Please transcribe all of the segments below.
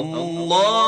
الله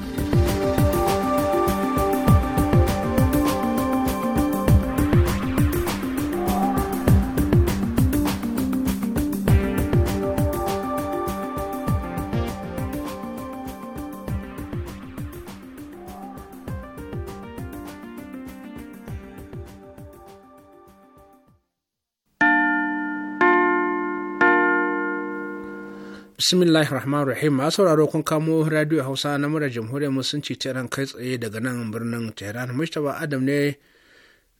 bismillahir rahmanir rahim a sauraro kun kamo radio hausa na mura jamhuriyar musulunci ta iran kai tsaye daga nan birnin tehran mustapha adam ne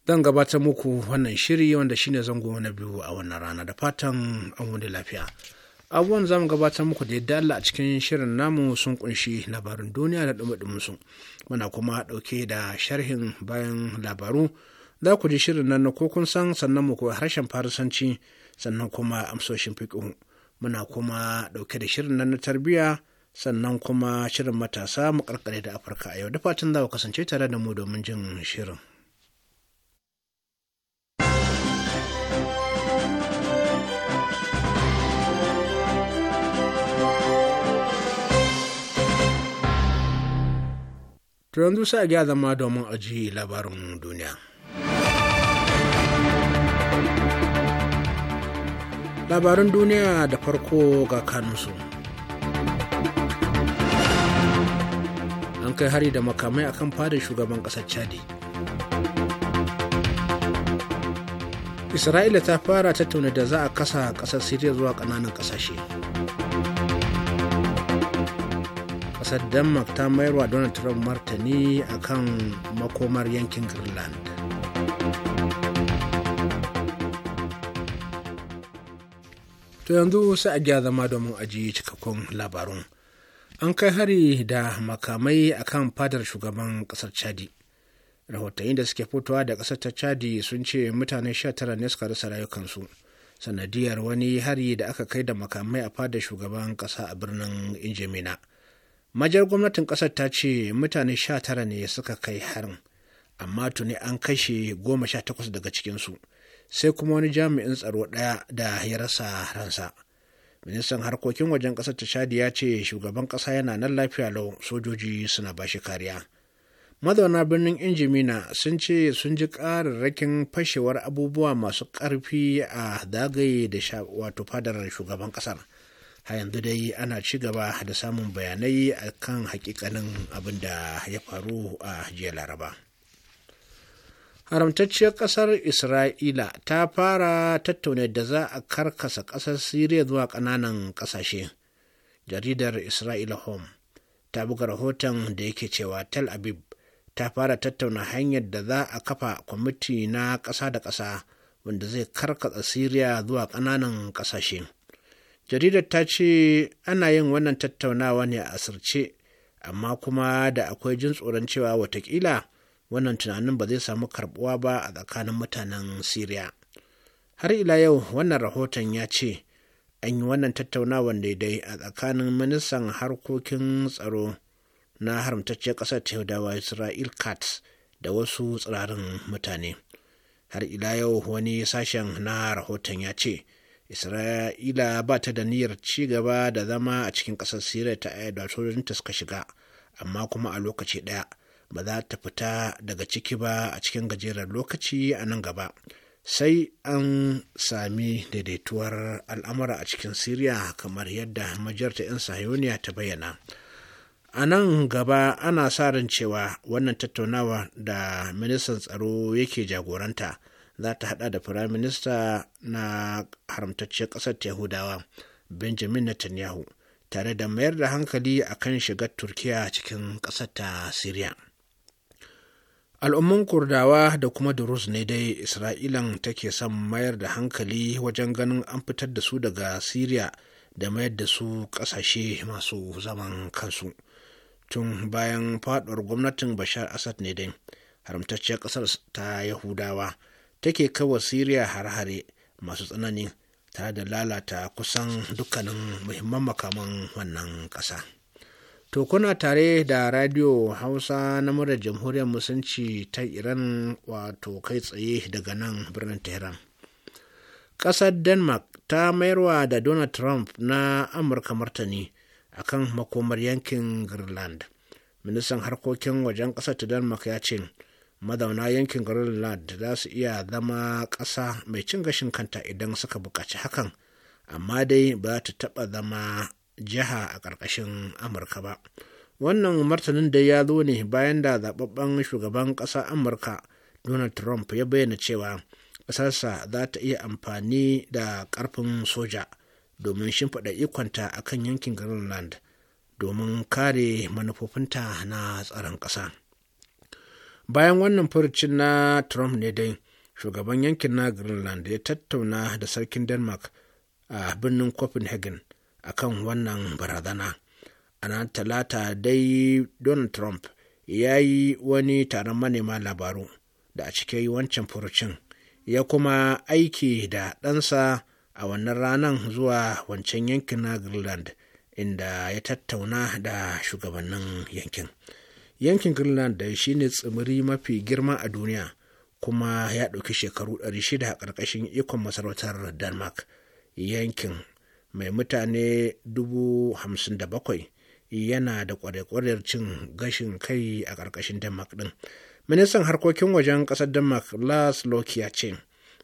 zan gabatar muku wannan shiri wanda shine zango na biyu a wannan rana da fatan an wuni lafiya abubuwan zamu gabatar muku da yadda Allah a cikin shirin namu sun kunshi labarin duniya da dumudumin su muna kuma dauke da sharhin bayan labaru za ku ji shirin nan na ko kun san sannan mu harshen farisanci sannan kuma amsoshin fiqhu muna kuma ɗauke da shirin nan na tarbiyya sannan kuma shirin matasa mu karkare da afirka a yau da fatan za ku kasance tare da mu domin jin shirin to yanzu sai a zama domin aji labarin duniya labaran duniya da farko ga kanunsu an kai hari da makamai akan fadar shugaban ƙasar chadi isra'ila ta fara tattauna da za a kasa ƙasar siriya zuwa ƙananan ƙasashe ƙasar denmark ta mayarwa donald trump martani akan makomar yankin greenland To yanzu sai a gya zama domin aji cikakkun labarun. An kai hari da makamai a kan fadar shugaban ƙasar Chadi. Rahotanni da suke fitowa da ƙasar ta Chadi sun ce mutane sha tara ne suka rasa rayukansu. Sanadiyar wani hari da aka kai da makamai a fadar shugaban ƙasa a birnin Injimina. Majar gwamnatin ƙasar ta ce mutane sha tara ne suka kai harin, amma tuni an kashe goma sha takwas daga cikinsu. sai kuma wani jami'in tsaro ɗaya da ya rasa ransa ministan harkokin wajen ƙasar ta shadi ya ce shugaban ƙasa yana nan lafiya lau sojoji suna bashi kariya mazauna birnin injimina sun ce sun ji ƙararrakin fashewar abubuwa masu ƙarfi a zagaye da wato fadar shugaban ƙasar har yanzu dai ana ci gaba da samun bayanai a kan hakikanin abin da ya faru a jiya laraba. haramtacciyar ƙasar isra'ila ta fara tattauna da za a karkasa ƙasar siriya zuwa ƙananan ƙasashe jaridar isra'ila home ta buga rahoton da yake cewa tel aviv ta fara tattauna hanyar da za a kafa kwamiti na ƙasa da ƙasa wanda zai karkasa siriya zuwa ƙananan ƙasashe jaridar ta ce ana yin wannan tattaunawa ne a asirce amma kuma da akwai jin tsoron cewa watakila wannan tunanin ba zai samu karbuwa ba a tsakanin mutanen Siriya. har ila yau wannan rahoton ya ce an yi wannan tattaunawan daidai a tsakanin ministan harkokin tsaro na haramtacciyar ƙasar yahudawa isra'il katz da wasu tsirarin mutane har ila yau wani sashen na rahoton ya ce isra'ila ba ta da niyyar ci gaba da zama a cikin ƙasar siriya ta ayyada sojojin ta suka shiga amma kuma a lokaci ɗaya ba za ta fita daga ciki ba a cikin gajeren lokaci a nan gaba sai an sami daidaituwar al'amura a cikin siriya kamar yadda majarta 'yan sahiyoniya ta bayyana a nan gaba ana sa ran cewa wannan tattaunawa da ministan tsaro yake jagoranta za ta hada da firaminista na haramtacciyar ƙasar yahudawa benjamin netanyahu tare da mayar da hankali a kan shigar turkiya cikin ƙasar ta Siriya. al'umman kurdawa da kuma durus ne dai isra'ilan take son mayar da hankali wajen ganin an fitar da su daga syria da mayar da su kasashe masu zaman kansu tun bayan faɗuwar gwamnatin bashar asad ne dai haramtacciyar ƙasar ta yahudawa take kawo siriya har-hare masu tsanani tare da lalata kusan dukkanin muhimman makaman wannan ƙasa. To kuna tare da radio Hausa na murar jamhuriyar musulunci ta Iran wato kai tsaye daga nan birnin Tehran. Ƙasar Denmark ta mayarwa da Donald Trump na Amurka martani a kan makomar yankin Greenland. Ministan harkokin wajen ƙasar ta Denmark ya ce, mazauna yankin Greenland za su iya zama ƙasa mai cin gashin kanta idan suka buƙaci hakan, amma dai ba ta taɓa zama jiha a ƙarƙashin amurka ba wannan martanin da ya zo ne bayan da zababben shugaban ƙasa amurka donald trump ya bayyana cewa ƙasarsa za ta iya amfani da ƙarfin soja domin shimfiɗa ikonta a kan yankin greenland domin kare manufofinta na tsaron ƙasa bayan wannan furucin na trump ne dai shugaban yankin na greenland ya tattauna da sarkin denmark a birnin copenhagen akan wannan barazana a nan talata dai donald trump ya yi wani taron manema labaru da a cike wancan furucin ya kuma aiki da ɗansa a wannan ranar zuwa wancan yankin na greenland inda ya tattauna da shugabannin yankin yankin greenland da ne tsimiri mafi girma a duniya kuma ya ɗauki shekaru 600 a ƙarƙashin ikon masarautar denmark yankin mai mutane 57,000 da bakwai yana da kwarekwarar cin gashin kai a ƙarƙashin denmark ɗin ministan harkokin wajen ƙasar denmark lars loki ya ce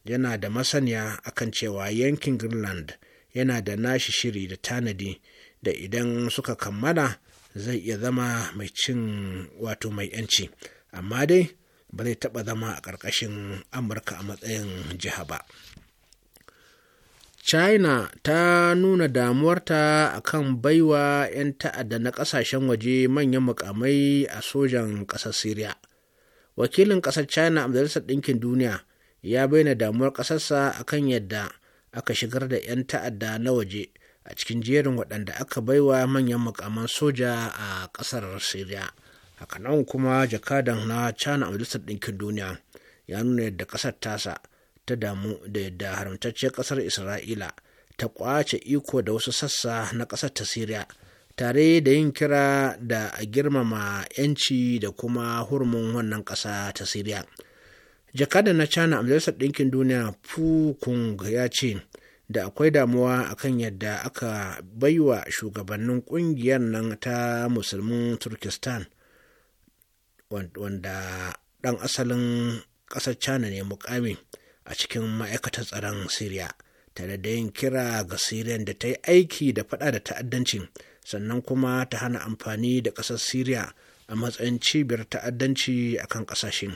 yana da masaniya akan cewa yankin greenland yana da nashi shiri da tanadi da idan suka kammala zai iya zama mai cin wato mai yanci amma dai ba zai taɓa zama a ƙarƙashin amurka a matsayin jiha ba china ta nuna damuwarta akan baiwa 'yan ta'adda na ƙasashen waje manyan mukamai a sojan ƙasar syria wakilin ƙasar china a majalisar ɗinkin duniya ya bayyana damuwar ƙasarsa akan yadda aka shigar da 'yan ta'adda na waje a cikin jerin waɗanda aka baiwa manyan mukaman soja a ƙasar syria hakanan kuma jakadan na china a majalisar ɗinkin duniya ya nuna yadda ƙasar tasa ta damu da yadda haramtacciyar ƙasar isra'ila ta ƙwace iko da wasu sassa na ƙasar ta siriya tare da yin kira da a girmama 'yanci da kuma hurumin wannan ƙasa ta siriya jakada na china a majalisar ɗinkin duniya pukung ya ce da akwai damuwa akan yadda aka baiwa shugabannin ƙungiyar nan ta musulmin turkistan wanda ɗan asalin ƙasar china ne mukami a cikin ma'aikatar tsaron Siriya tare da yin kira ga Siriyan da ta yi aiki da faɗa da ta'addanci, sannan kuma ta hana amfani da ƙasar Siriya a matsayin cibiyar ta'addanci a kan ƙasashen.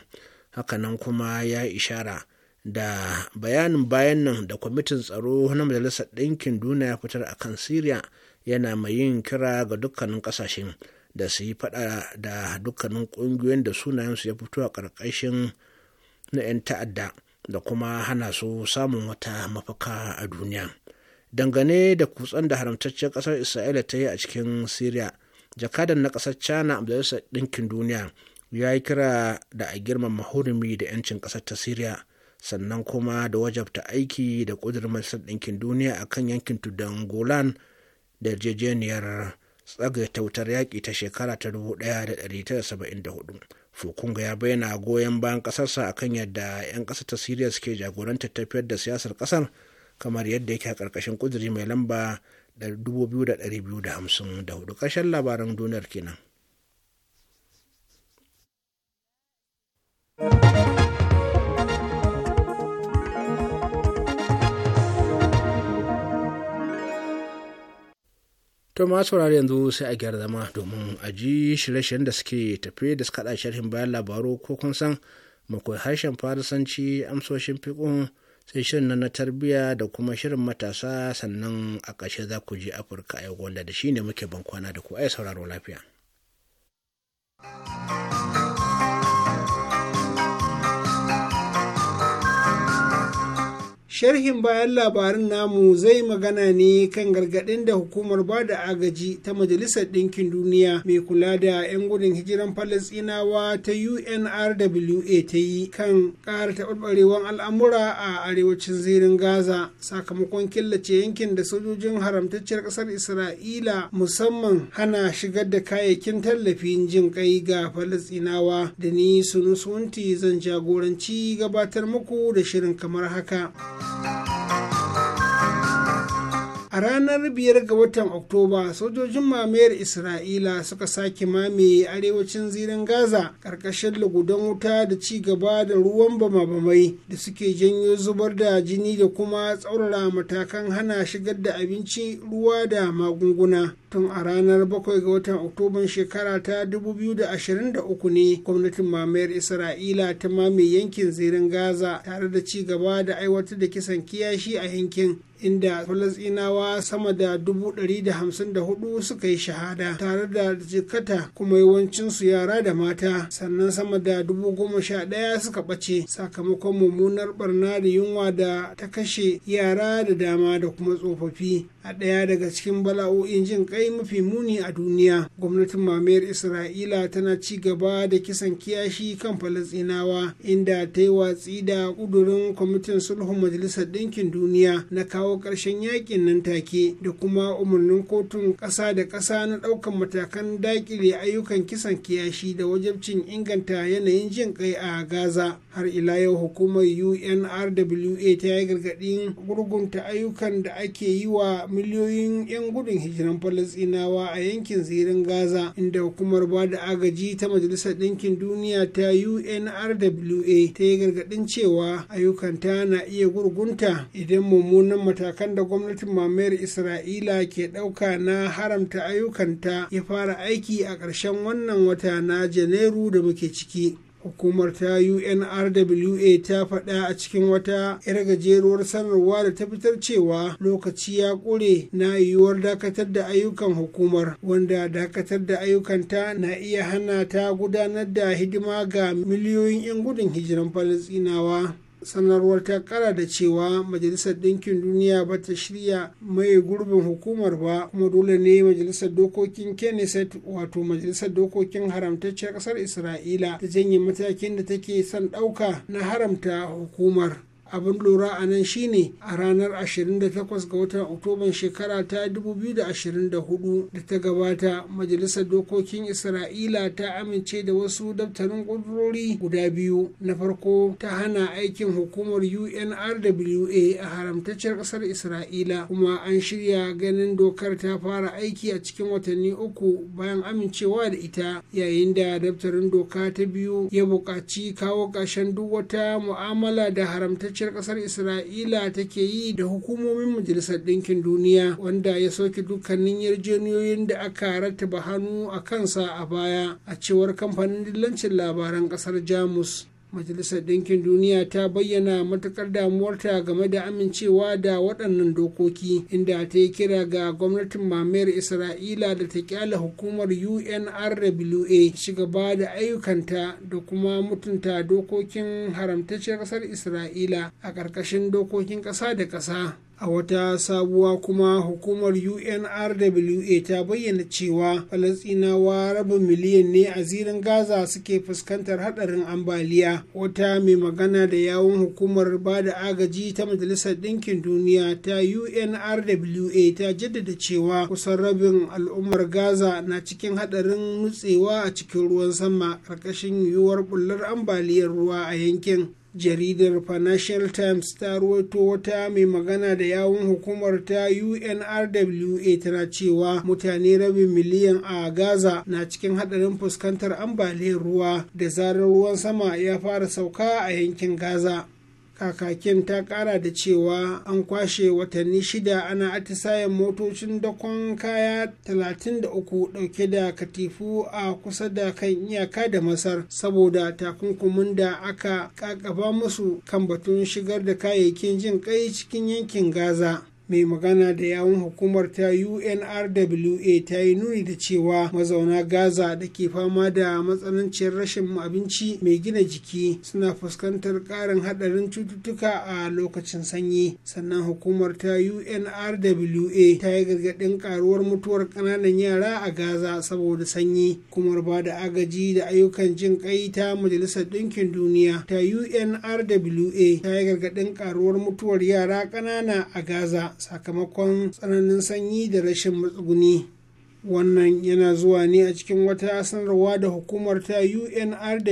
Hakanan kuma ya ishara da bayanin bayan nan da kwamitin tsaro na Majalisar Ɗinkin Duniya ya fitar a kan Siriya yana mai yin kira ga dukkanin ƙasashen da su yi faɗa da dukkanin ƙungiyoyin da sunayensu ya fito a ƙarƙashin na 'yan ta'adda. da kuma hana su samun wata mafaka a duniya dangane da kutsen da haramtaccen ƙasar isra'ila ta yi a cikin syria jakadan na ƙasar china a majalisar ɗinkin duniya ya yi kira da a girmama hurumi da 'yancin ƙasar ta syria sannan kuma da wajabta aiki da ƙudurin majalisar ɗinkin duniya a kan yankin tudan golan da yarjejeniyar tsagaita wutar yaƙi ta shekara ta 1974 Fukunga ya bayyana goyon bayan ƙasarsa kan yadda 'yan ƙasar ta Siriya suke jagorantar tafiyar da siyasar ƙasar kamar yadda yake a ƙarƙashin ƙuduri mai lamba 2254 ƙarshen labaran duniyar kenan. To ma saurari yanzu sai a gyara zama domin a ji shirye-shiryen da suke tafe da suka haɗa sharhin bayan labaru ko kun san makwai harshen farisanci amsoshin fiƙon sai shirin na tarbiyya da kuma shirin matasa sannan a ƙarshe za ku ji afirka a yau wanda da shi ne muke bankwana da ku ai sauraro lafiya. sharhin bayan labarin namu zai magana ne kan gargaɗin da hukumar ba da agaji ta majalisar ɗinkin duniya mai kula da 'yan gudun hijiran falasinawa ta unrwa ta yi kan ƙara taɓarɓarewar al'amura a arewacin zirin gaza sakamakon killace yankin da sojojin haramtacciyar ƙasar isra'ila musamman hana shigar da kayayyakin tallafin jin kai ga falasinawa da ni sunusunti zan jagoranci gabatar muku da shirin kamar haka. you. ranar biyar ga watan oktoba sojojin mamayar isra'ila suka sake mamaye arewacin zirin gaza ƙarƙashin lagudan wuta da ci gaba da ruwan bama-bamai da suke janyo zubar da jini da kuma tsaurara matakan hana shigar da abinci ruwa da magunguna tun a ranar 7 ga watan oktoban shekara ta 2023 ne gwamnatin mamayar isra'ila ta mamaye yankin zirin gaza tare da ci gaba da aiwatar da kisan kiyashi a yankin inda falasinawa sama da dubu ɗari da da hamsin hudu suka yi shahada tare da jikata kuma yawancinsu yara da mata sannan sama da dubu goma sha ɗaya suka ɓace sakamakon mummunar barna da yunwa da ta kashe yara da dama da kuma tsofaffi a ɗaya daga cikin bala'o'in jin kai mafi muni a duniya gwamnatin mamayar isra'ila tana ci gaba da kisan kiyashi kan falasinawa inda ta yi watsi da ƙudurin kwamitin sulhun majalisar ɗinkin duniya na kawo kawo ƙarshen yakin nan take da kuma umarnin kotun ƙasa da ƙasa na ɗaukan matakan daƙile ayyukan kisan kiyashi da wajabcin inganta yanayin jin kai a gaza har ila yau hukumar unrwa ta yi gargaɗin gurgunta ayyukan da ake yi wa miliyoyin 'yan gudun hijiran falastinawa a yankin zirin gaza inda hukumar ba da agaji ta majalisar ɗinkin duniya ta unrwa ta yi gargaɗin cewa ayyukanta na iya gurgunta idan mummunan mata. matakan da gwamnatin mamayar isra'ila ke ɗauka na haramta ayyukanta ya fara aiki a ƙarshen wannan wata na janairu da muke ciki hukumar ta unrwa ta faɗa a cikin wata 'yar gajeruwar sanarwa da ta fitar cewa lokaci ya ƙure na yiwuwar dakatar da ayyukan hukumar wanda dakatar da ayyukanta na iya hana ta gudanar da hidima ga miliyoyin 'yan gudun hijiran falasinawa sanarwar ta kara da cewa majalisar ɗinkin duniya ba ta shirya mai gurbin hukumar ba kuma dole ne majalisar dokokin kenneset wato majalisar dokokin haramtacciyar ƙasar isra'ila ta janye matakin da take son ɗauka na haramta hukumar abin lura a nan shine a ranar 28 ga watan oktoban shekara ta 2024 da ta gabata majalisar dokokin isra'ila ta amince da wasu daftarin ƙudurori guda biyu na farko ta hana aikin hukumar unrwa a haramtaccen ƙasar isra'ila kuma an shirya ganin dokar ta fara aiki a cikin watanni uku bayan amincewa da ita yayin da daftarin doka ta biyu ya buƙaci kawo ƙarshen duk wata mu'amala da haramtaccen haramtacciyar kasar isra'ila take yi da hukumomin majalisar ɗinkin duniya wanda ya soke dukkanin yarjejeniyoyin da aka rattaba hannu a kansa a baya a cewar kamfanin dillancin labaran kasar jamus majalisar ɗinkin duniya ta bayyana matuƙar damuwarta game da amincewa da waɗannan dokoki inda ta yi kira ga gwamnatin mamayar isra'ila da ta kyala hukumar unrwa shigaba da ayyukanta da kuma mutunta dokokin haramtacciyar ƙasar isra'ila a ƙarƙashin dokokin ƙasa da ƙasa a wata sabuwa kuma hukumar unrwa ta bayyana cewa falasinawa rabin miliyan ne a zirin gaza suke fuskantar hadarin ambaliya wata mai magana da yawon hukumar ba da agaji ta majalisar ɗinkin duniya ta unrwa ta jaddada cewa kusan rabin al'ummar gaza na cikin hadarin nutsewa a cikin ruwan sama ƙarƙashin yiwuwar bullar ambaliyar ruwa a yankin jaridar financial times ta ruwaito wata mai magana da yawun hukumar ta unrwa tana cewa mutane rabin miliyan a gaza na cikin hadarin fuskantar ambaliyar ruwa da zarar ruwan sama ya fara sauka a yankin gaza kakakin ta kara da cewa an kwashe watanni shida ana atisayen motocin dakon kaya 33 dauke da katifu a kusa da kan iyaka da masar saboda takunkumin da aka kakaba musu kan batun shigar da kayayyakin jin kai cikin yankin gaza mai magana da yawun hukumar ta unrwa ta yi nuni da cewa mazauna gaza da ke fama da matsananciyar rashin abinci mai gina jiki suna fuskantar karin hadarin cututtuka a lokacin sanyi sannan hukumar ta unrwa ta yi gargaɗin karuwar mutuwar ƙananan yara a gaza saboda sanyi kuma ba da agaji da ayyukan jin kai ta majalisar ɗinkin duniya ta unrwa ta yi gargaɗin karuwar mutuwar yara ƙanana a gaza sakamakon tsananin sanyi da rashin matsuguni wannan yana zuwa ne a cikin wata sanarwa da hukumar ta unrwa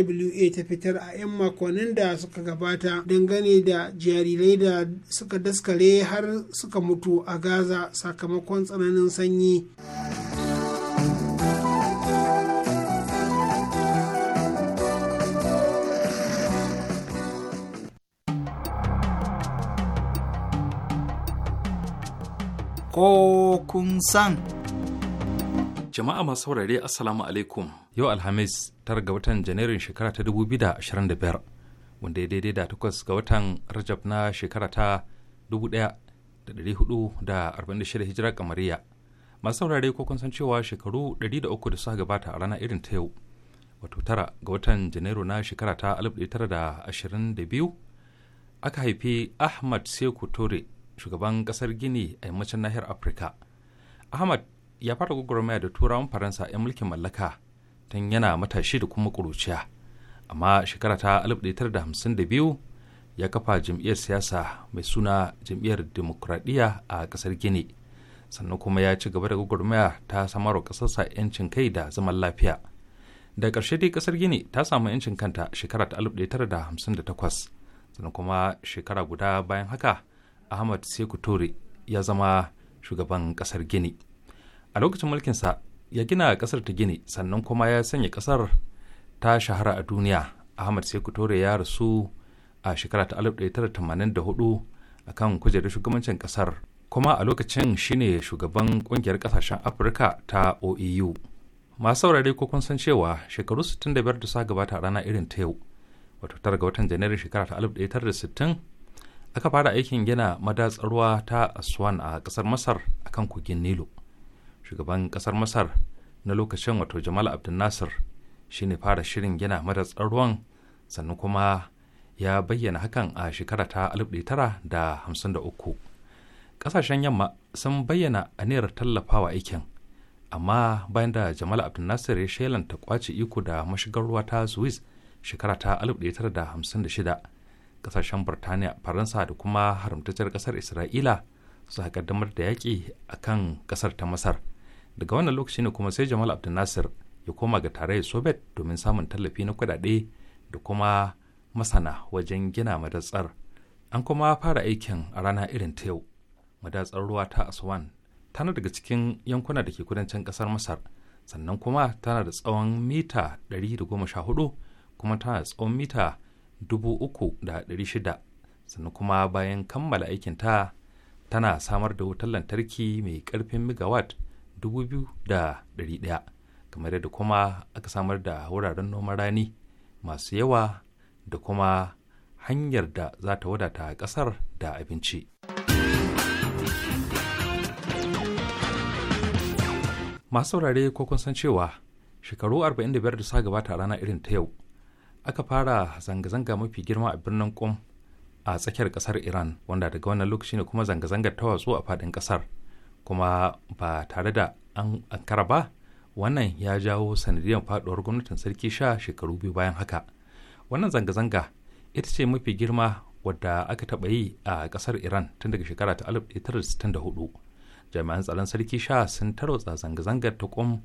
ta fitar a 'yan makonnin da suka gabata dangane da jarirai da suka daskare har suka mutu a gaza sakamakon tsananin sanyi. ko kun san. Jama'a masu saurare Assalamu alaikum. Yau Alhamis tara ga watan Janairun shekara ta 2025 wanda ya daidai da takwas ga watan Rajab na shekara ta 1446 hijira kamariya. Masu saurare ko kun san cewa shekaru 103 da suka gabata a rana irin ta yau. Wato tara ga watan Janairu na shekara ta 1922 aka haifi Ahmad Sekou Toure shugaban kasar gini a yammacin nahiyar afirka ahmad ya fara gwagwarmaya da turawan faransa 'yan mulkin mallaka tun yana matashi da kuma ƙuruciya amma shekara ta 1952 ya kafa jam'iyyar siyasa mai suna jam'iyyar demokuraɗiyya a ƙasar gini sannan kuma ya ci gaba da gwagwarmaya ta samarwa ƙasarsa 'yancin kai da zaman lafiya da ƙarshe dai ƙasar gini ta samu 'yancin kanta shekara ta 1958 sannan kuma shekara guda bayan haka ahmad seku Ture ya zama shugaban kasar gini a lokacin mulkinsa ya gina kasar ta gini sannan kuma ya sanya kasar ta shahara a duniya ahmad seku Ture ya rasu a shekara ta 1984 a kan kujerar shugabancin kasar kuma a lokacin shine shugaban kungiyar kasashen afirka ta oeu masu saurari ko kun san cewa shekaru 65 da sa gabata a rana irin ta yau wato tara ga watan janairun shekara ta sittin. aka fara aikin gina madatsar ruwa ta aswan a kasar masar a kan kogin nilo shugaban kasar masar na lokacin wato jamal abdul nasir ne fara shirin gina madatsar ruwan sannan kuma ya bayyana hakan a shekara ta 1953 kasashen yamma sun bayyana aniyar tallafawa aikin amma bayan da jamal abdul nasir ya shelanta kwace iko da mashigar ruwa ta suez shekara ta 1956 kasashen burtaniya faransa da kuma haramtacciyar kasar isra'ila su kaddamar da yaƙi a kan kasar ta masar daga wannan lokaci ne kuma sai jamal abdulnasir ya koma ga tarayyar soviet domin samun tallafi na kudade da kuma masana wajen gina madatsar an kuma fara aikin a rana irin ta yau madatsar ruwa ta aswan tana daga cikin yankuna da ke kudancin kasar masar sannan kuma tana da tsawon mita ɗari da goma sha 114 kuma tana da tsawon mita 3,600 sannan kuma bayan kammala aikinta tana samar da wutar lantarki mai karfin megawatt 2,100 kamar yadda kuma aka samar da wuraren noman rani masu yawa da kuma hanyar da za ta wadata kasar da abinci. Masu saurare ko kun san cewa shekaru 45 da sa gabata rana irin ta yau aka fara zanga-zanga mafi girma a birnin kum a tsakiyar kasar Iran wanda daga wannan lokaci ne kuma zanga-zangar ta watsu a fadin kasar kuma ba tare da an ankara ba wannan ya jawo sanadiyar faɗuwar gwamnatin sarki sha shekaru biyu bayan haka wannan zanga-zanga ita ce mafi girma wadda aka taɓa yi a kasar iran tun daga shekara ta 1964 jami'an tsaron sarki sha sun tarwatsa zanga-zangar ta kum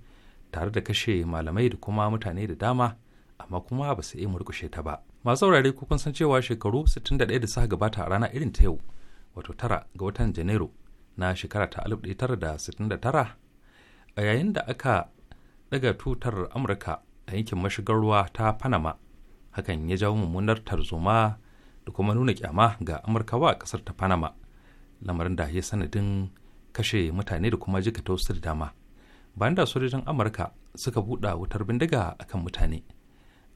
tare da kashe malamai da kuma mutane da dama amma kuma ba su iya murkushe ta ba masu saurare ko kun san cewa shekaru 61 da suka gabata a rana irin ta yau wato tara ga watan janairu na shekara ta 1969 a yayin da aka daga tutar amurka a yankin mashigar ruwa ta panama hakan ya jawo mummunar tarzoma da kuma nuna kyama ga amurkawa a kasar ta panama lamarin da ya sanadin kashe mutane da kuma jikata wasu da dama bayan da sojojin amurka suka buɗa wutar bindiga akan mutane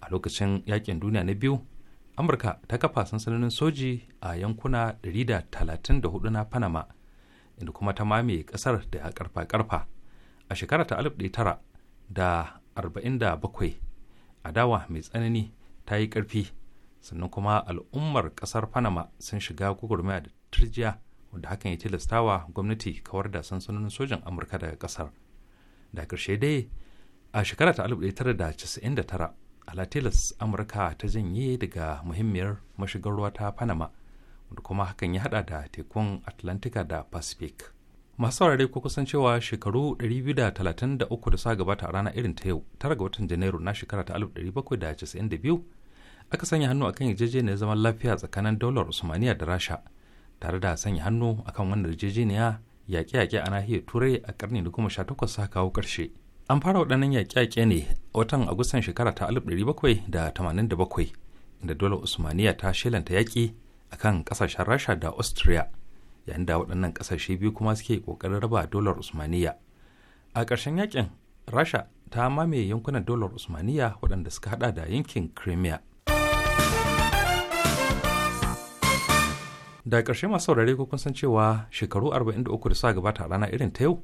a lokacin yakin duniya na biyu amurka ta kafa sansanonin soji a yankuna 134 na panama inda kuma ta mame kasar da karfa-karfa a shekara ta 1947 adawa mai tsanani ta yi karfi sannan kuma al'ummar kasar panama sun shiga gwagwarmaya da turjiya wanda hakan ya tilastawa gwamnati kawar da sansanonin sojin amurka daga kasar da ƙarshe dai a shekara ta 1999 alatilas amurka ta janye daga muhimmiyar mashigar ruwa ta panama wanda kuma hakan ya hada da tekun atlantika da pacific masu saurare ko kusan cewa shekaru 233 da sa gabata a rana irin ta yau tara ga watan janairu na shekara ta 1792 aka sanya hannu akan yarjejeniyar zaman lafiya tsakanin daular usmaniya da rasha tare da sanya hannu akan wannan yarjejeniya yaƙe-yaƙe a nahiyar turai a ƙarni da goma sha takwas sa kawo ƙarshe an fara waɗannan yaƙe-yaƙe ne watan agustan shekara ta 1787 inda dole usmaniya ta shelanta yaƙi a kan ƙasashen rasha da austria yayin da waɗannan ƙasashe biyu kuma suke ƙoƙarin raba dolar usmaniya a ƙarshen yaƙin rasha ta mamaye yankunan dolar usmaniya waɗanda suka haɗa da yankin crimea da ƙarshe masu saurare ko kun san cewa shekaru 43 da sa gabata rana irin ta yau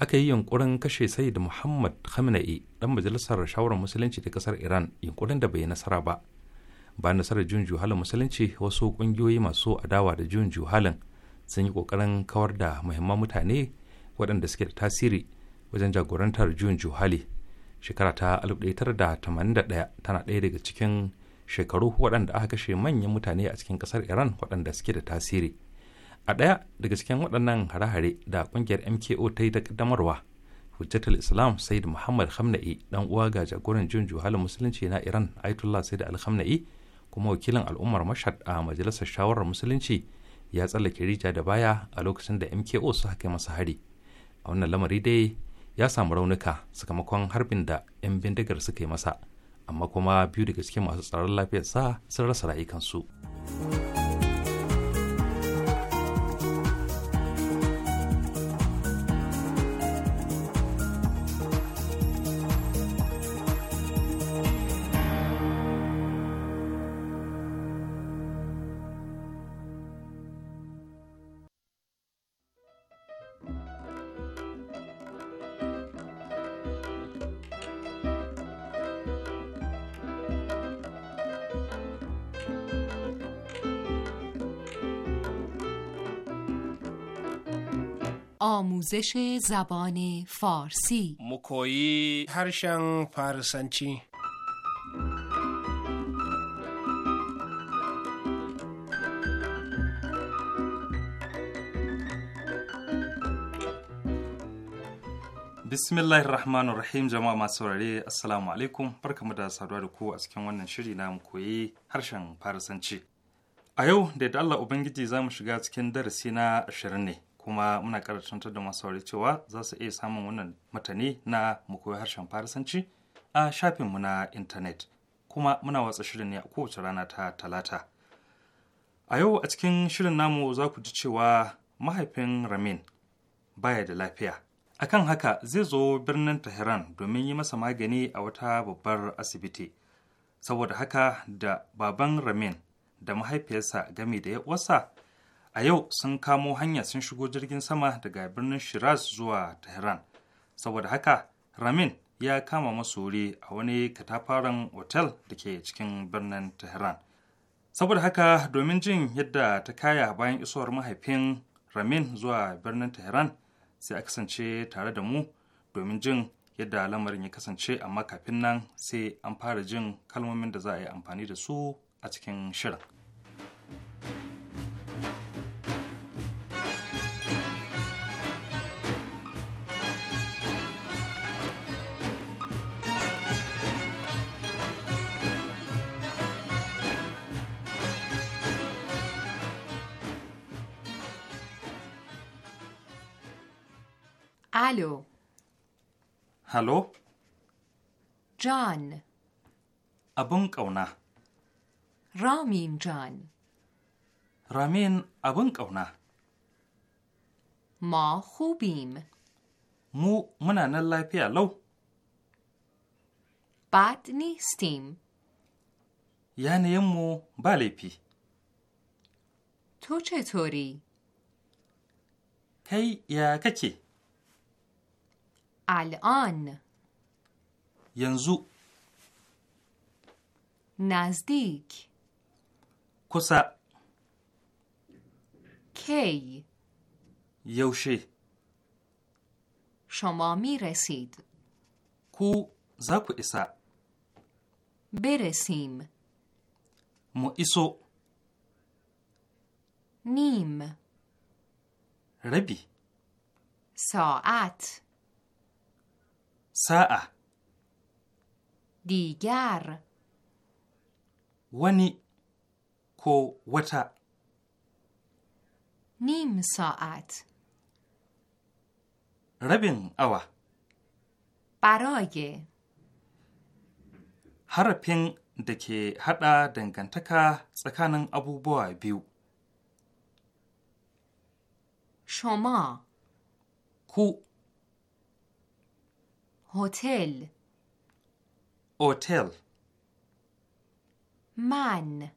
aka yi yunkurin kashe sayid muhammad khamenei dan majalisar shawarar musulunci ta kasar iran yunkurin da bai nasara ba ba nasarar jun juhalin musulunci wasu kungiyoyi masu adawa da jun juhalin sun yi kokarin kawar da muhimman mutane waɗanda suke da tasiri wajen jagorantar jun juhali shekara ta 1981 tana ɗaya daga cikin shekaru waɗanda aka kashe manyan mutane a cikin kasar iran waɗanda suke da tasiri a ɗaya daga cikin waɗannan hare-hare da ƙungiyar mko ta yi ƙaddamarwa hujjatul islam said muhammad hamna'i dan uwa ga jagoran jin juhalin musulunci na iran ayatollah said alhamna'i kuma wakilin al'ummar mashad a majalisar shawarar musulunci ya tsallake rija da baya a lokacin da mko suka kai masa hari a wannan lamari dai ya samu raunuka sakamakon harbin da 'yan bindigar suka yi masa amma kuma biyu daga cikin masu tsaron lafiyar sa sun rasa rayukansu. su آموزش زبان فارسی koyi هرشن فارسنچی bismillahir rahmanir rahim jama'a masu saurare assalamu alaikum barkamu da saduwa da ku a cikin wannan shiri na mu koyi harshen farisanci a yau da yadda allah ubangiji za mu shiga cikin darasi na ashirin ne kuma muna kara tantar da masu saurari cewa za su iya samun wannan matane na koyi harshen farisanci a shafinmu na intanet kuma muna watsa shirin ne a kowace rana ta talata a yau a cikin shirin namu za ku ji cewa mahaifin ramin baya da lafiya akan haka zai zo birnin tehran domin yi masa magani a wata babbar asibiti saboda haka da baban ramin da mahaifiyarsa game da ya wasa a yau sun kamo hanya sun shigo jirgin sama daga birnin shiraz zuwa tehran saboda haka ramin ya kama masu wuri a wani katafaren otel da ke cikin birnin tehran saboda haka domin jin yadda ta kaya bayan isowar mahaifin ramin zuwa birnin tehran sai a kasance tare da mu domin jin yadda lamarin ya kasance amma kafin nan sai an fara jin kalmomin da za a yi amfani da su a cikin shirin. Alo. Hallo? John. Abin ƙauna. Ramin John. Ramin abin ƙauna. Ma hubim. Mu muna nan lafiya lau. Bad ni Yanayin mu ba laifi. To tori. Kai ya kake? الان ینزو نزدیک کسا کی یوشی شما می رسید کو زاکو ایسا برسیم مو ایسو نیم ربی ساعت sa'a Digar. Wani ko wata? nim sa'at rabin awa برای harafin da ke haɗa dangantaka tsakanin abubuwa biyu. Shoma Ku هتل هتل من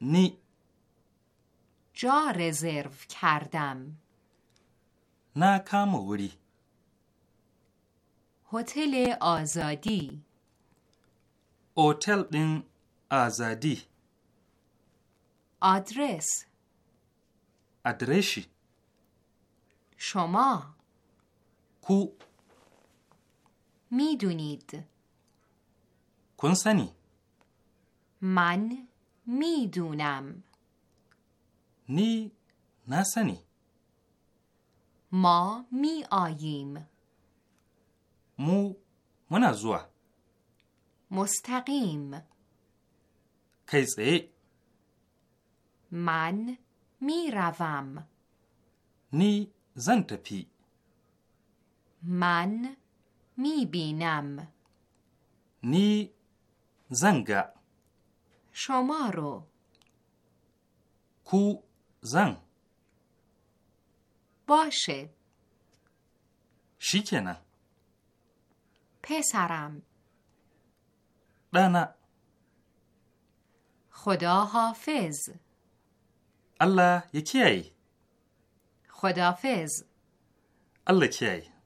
نی جا رزرو کردم نه کاموری هتل آزادی هتل دین آزادی آدرس ادرشی شما کو میدونید کنسنی من میدونم نی نسنی ما می آییم مو منازوا مستقیم کیسه من می روم نی زن تپی من می بینم نی زنگ شما رو کو زن باشه نه پسرم بنا خدا حافظ الله یکی ای خدا حافظ الله کی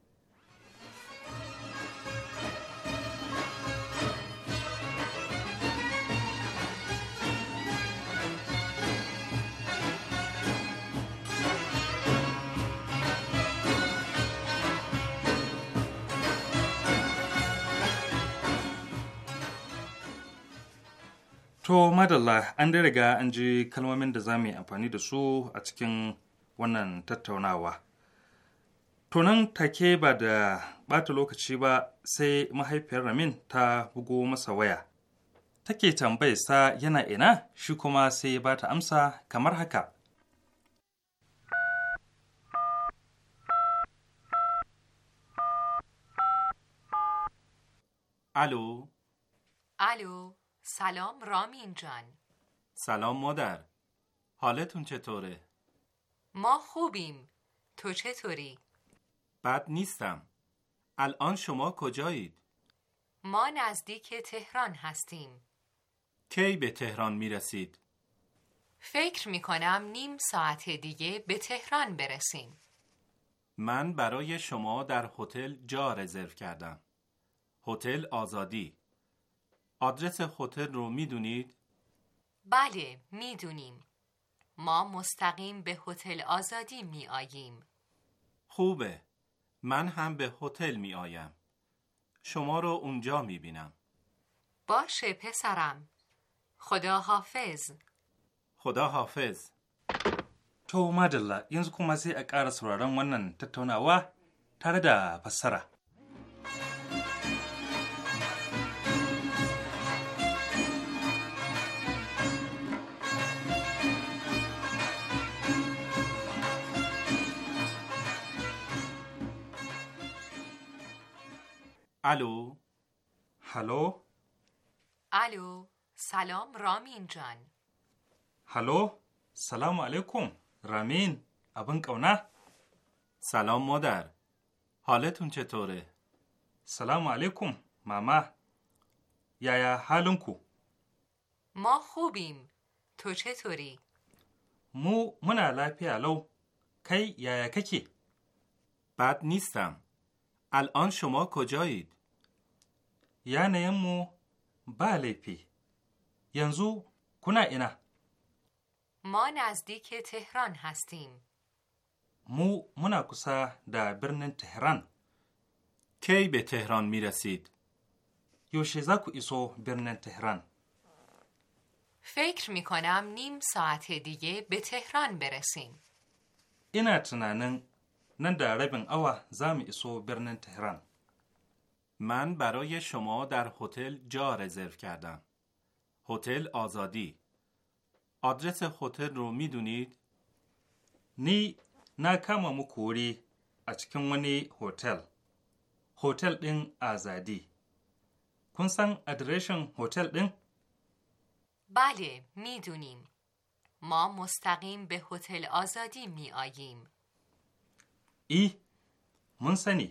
To madalla an dai riga an ji kalmomin da za mu yi amfani da su a cikin wannan tattaunawa. Tunan take ba da ɓata lokaci ba sai mahaifiyar Ramin ta bugo masa waya. Take tambayar sa yana ina shi kuma sai ba ta amsa kamar haka. Alo. Alo. سلام رامین جان سلام مادر حالتون چطوره؟ ما خوبیم تو چطوری؟ بد نیستم الان شما کجایید؟ ما نزدیک تهران هستیم کی به تهران می رسید؟ فکر می کنم نیم ساعت دیگه به تهران برسیم من برای شما در هتل جا رزرو کردم هتل آزادی آدرس هتل رو میدونید؟ بله میدونیم ما مستقیم به هتل آزادی می آییم خوبه من هم به هتل می آیم شما رو اونجا می بینم باشه پسرم خدا حافظ خدا حافظ تو مادلا، این kuma sai a ونن sauraron wannan tattaunawa tare الو هلو الو سلام رامین جان هلو سلام علیکم رامین ابن کونه سلام مادر حالتون چطوره سلام علیکم ماما یا حالون کو ما خوبیم تو چطوری مو منا علی لو کی یا ککی بد نیستم الان شما کجایید؟ یعنی مو بله پی ینزو کنا اینا ما نزدیک تهران هستیم مو مناکسا در برن تهران کی به تهران می رسید؟ کو ایسو برن تهران فکر می کنم نیم ساعت دیگه به تهران برسیم اینا تنانن نن در ربن اوه زم ایسو برنن تهران من برای شما در هتل جا رزرو کردم هتل آزادی آدرس هتل رو میدونید نی نا مکوری. مو کوری ونی هتل هتل دین آزادی کنسان ادرشن هتل دین بله میدونیم ما مستقیم به هتل آزادی می آییم. ای eh, mun sani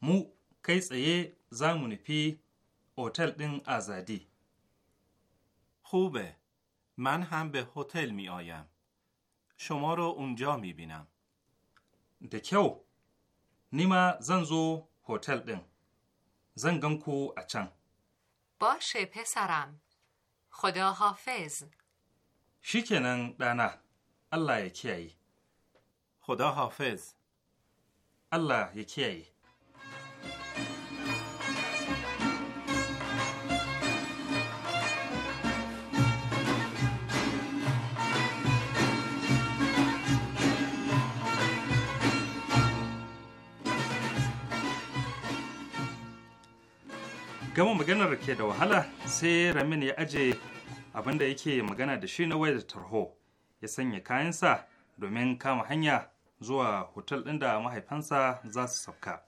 mu kai tsaye za mu nufi otel خوبه من هم به هتل می آیم شما رو اونجا می بینم دکیو نیما زنزو هتل دن زنگم کو اچن باشه پسرم خدا حافظ شکنن دانا الله یکیایی خدا حافظ Allah ya kiyaye. gama maganar ke da wahala sai ramin ya aje abinda yake magana da shi na wayar tarho ya sanya kayansa domin kama hanya zuwa hotel ɗin da mahaifansa za su sauka.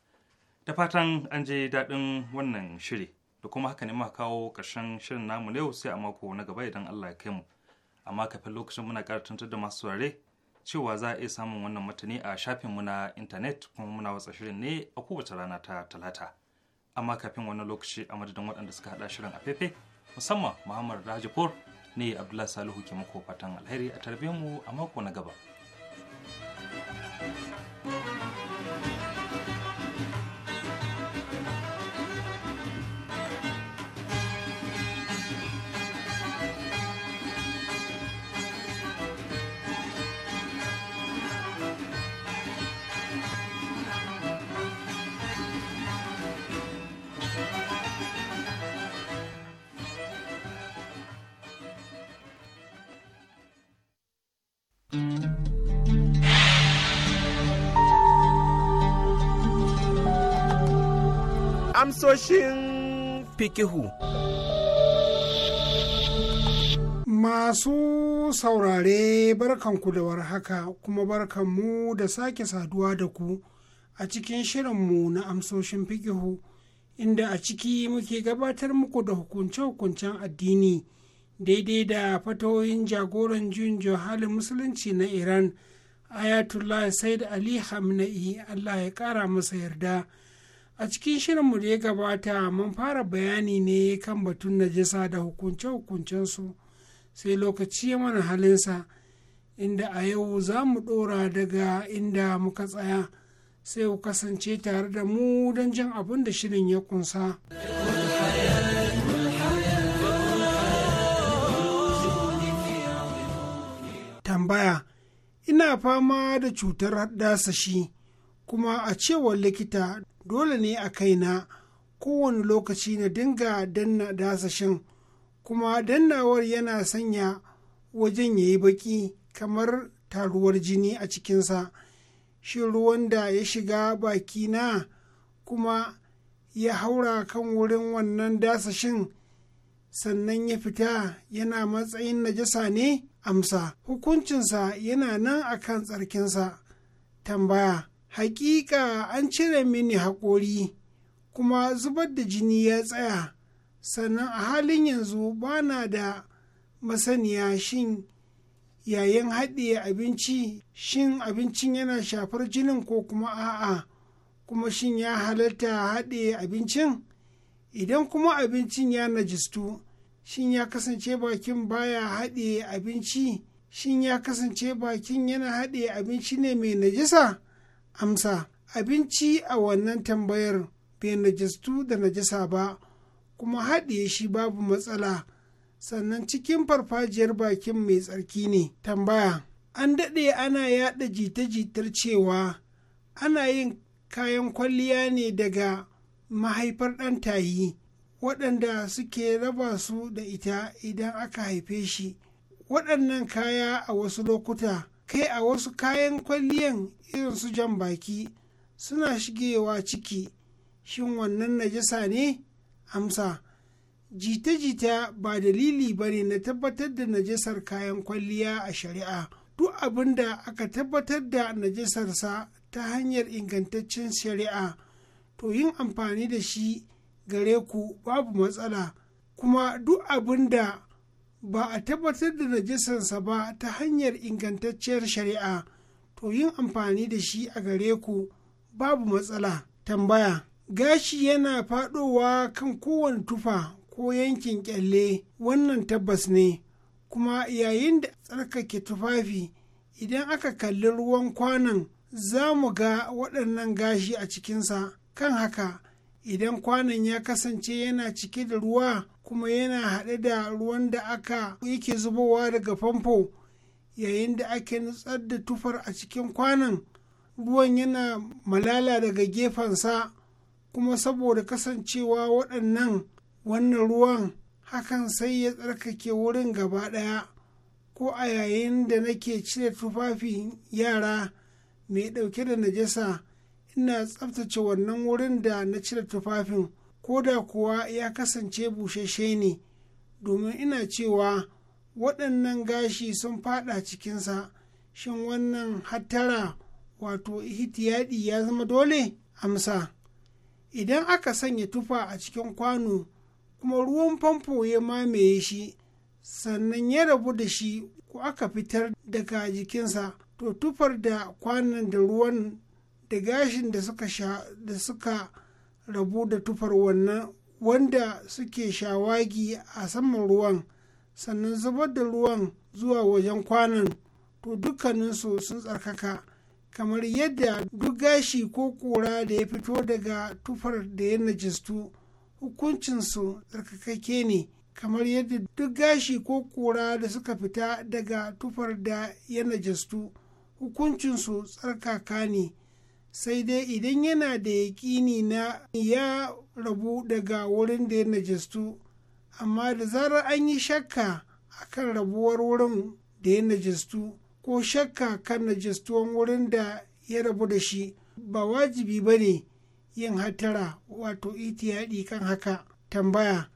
Da fatan an je daɗin wannan shiri da kuma haka ne muka kawo ƙarshen shirin namu yau sai a mako na gaba idan Allah ya kai mu. Amma kafin lokacin muna ƙara tantar da masu saurare cewa za a iya samun wannan matani a shafinmu na intanet kuma muna watsa shirin ne a kowace rana ta talata. Amma kafin wannan lokaci a madadin waɗanda suka haɗa shirin a fefe musamman Muhammad Rajapur ne Abdullahi Salihu ke mako fatan alheri a tarbiyyar mu a mako na gaba. Música amsoshin fikihu. Masu saurare barkanku da warhaka kuma barkanmu da sake saduwa da ku a cikin shirinmu na amsoshin fikihu inda a ciki muke gabatar muku da hukunce-hukuncen addini daidai da fatoyin jagoran jin halin musulunci na Iran Ayatollah Said Ali Hamna'i Allah ya kara masa yarda. a cikin shirin mu da ya gabata mun fara bayani ne kan batun najasa da hukunce su sai lokaci ya mana halinsa inda a yau za mu ɗora daga inda muka tsaya sai ku kasance tare da mu don jin abin da shirin ya kunsa. Tambaya Ina fama da cutar shi kuma a cewar likita dole ne a kaina kowane lokaci na dinga danna dasashin kuma dannawar yana sanya wajen ya yi baki kamar taruwar jini a cikinsa shin ruwan da ya shiga baki na kuma ya haura kan wurin wannan dasashin sannan ya fita yana matsayin najasa ne amsa hukuncinsa yana nan akan tsarkinsa tambaya hakika an cire mini haƙori kuma zubar da jini ya tsaya sannan a halin yanzu ba na da masaniya shin yayin haɗiye abinci shin abincin yana shafar jinin ko kuma a'a kuma shin ya halatta haɗiye abincin idan kuma abincin ya najistu shin ya kasance bakin baya haɗiye abinci shin ya kasance bakin yana haɗiye abinci ne mai najisa amsa abinci a wannan tambayar bai najistu da najasa ba kuma haɗiye shi babu matsala sannan cikin farfajiyar bakin mai tsarki ne tambaya an daɗe ana yaɗa jita-jitar cewa ana yin kayan kwalliya ne daga mahaifar ɗan tayi waɗanda suke raba su da ita idan aka haife shi waɗannan kaya a wasu lokuta kai a wasu kayan kwalliyan irin su jan baki suna shigewa ciki shin wannan najasa ne amsa jita-jita ba dalili ba ne na tabbatar da najasar kayan kwalliya a shari'a duk abin da aka tabbatar da najasarsa ta hanyar ingantaccen shari'a to yin amfani da shi gare ku babu matsala kuma duk abin da ba a tabbatar da najisansa ba ta hanyar ingantacciyar shari'a to yin amfani da shi a gare ku babu matsala tambaya gashi yana faɗowa kan kowane tufa ko yankin kyalle wannan tabbas ne kuma yayin da tsarkake tufafi idan aka kalli ruwan kwanan za mu ga waɗannan gashi a cikinsa kan haka idan kwanan ya kasance yana cike da ruwa kuma yana haɗe da ruwan da aka yake zubowa daga famfo yayin da ake nutsar da tufar a cikin kwanan ruwan yana malala daga gefensa kuma saboda kasancewa waɗannan wannan ruwan hakan sai ya tsarkake wurin gaba ɗaya ko a yayin da nake cire tufafi yara mai ɗauke da najasa ina tsaftace wannan wurin da na cire tufafin ko da kuwa ya kasance bushashe ne domin ina cewa waɗannan gashi sun faɗa cikinsa shin wannan hattara wato ihtiyadi ya zama dole amsa idan aka sanya tufa a cikin kwano kuma ruwan famfo ya mamaye shi sannan ya rabu da shi ko aka fitar daga jikinsa to tufar da kwanan da ruwan da gashin da suka sha da suka rabu da tufar wannan wanda suke shawagi a saman ruwan sannan zubar da ruwan zuwa wajen kwanan to dukkaninsu sun tsarkaka kamar yadda duk gashi ko kura da ya fito daga tufar da ya najistu hukuncinsu tsarkakake ne kamar yadda duk gashi ko kura da suka fita daga tufar da ya najistu hukuncinsu tsarkaka ne sai dai idan yana da yaƙini na ya rabu daga wurin da ya najistu amma da zarar an yi shakka akan rabuwar wurin da ya najistu ko shakka kan najistuwan wurin da ya rabu da shi ba wajibi ba ne yin hatara wato itiyaɗi kan haka tambaya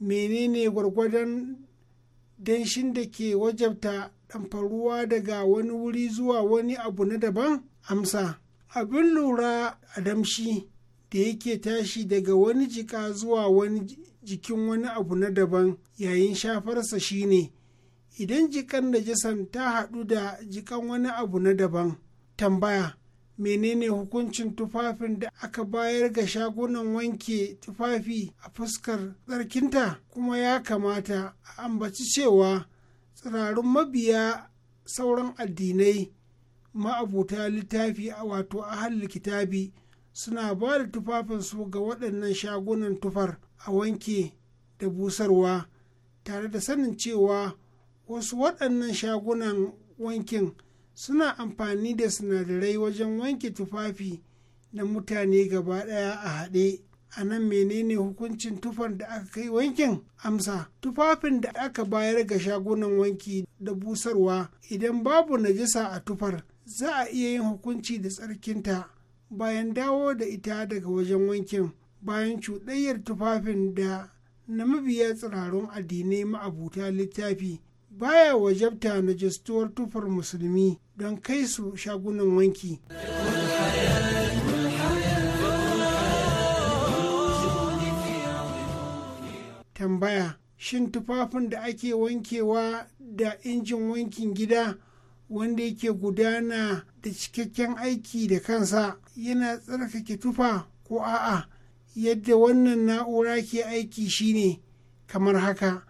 menene gwargwadon danshin da ke wajabta ɗamfaruwa daga wani wuri zuwa wani abu na daban amsa abin lura a damshi da yake tashi daga wani jika zuwa wani jikin wani abu na daban yayin shafarsa shine idan jikan najasan ta haɗu da jikan wani abu na daban tambaya menene hukuncin tufafin da aka bayar ga shagunan wanke tufafi a fuskar tsarkinta kuma ya kamata a ambaci cewa tsirarun mabiya sauran addinai ma'abuta littafi a wato ahal kitabi suna ba da tufafinsu ga waɗannan shagunan tufar a wanke da busarwa tare da sanin cewa wasu waɗannan shagunan wankin suna amfani da sinadarai wajen wanke tufafi na mutane gaba ɗaya a haɗe a nan menene hukuncin tufar da aka kai wankin amsa tufafin da aka bayar ga shagunan wanki da busarwa idan babu najisa a tufar za a iya yin hukunci da tsarkinta bayan dawo da ita daga wajen wankin bayan cuɗayyar tufafin da na mabiya tsirarun addinai ma'abuta littafi baya wajabta na jistuwar tufar musulmi don kai su shagunan wanki. Tambaya, shin tufafin da ake wankewa da injin wankin gida wanda yake gudana da cikakken aiki da kansa yana tsarkake tufa ko a'a yadda wannan na'ura ke aiki shine kamar haka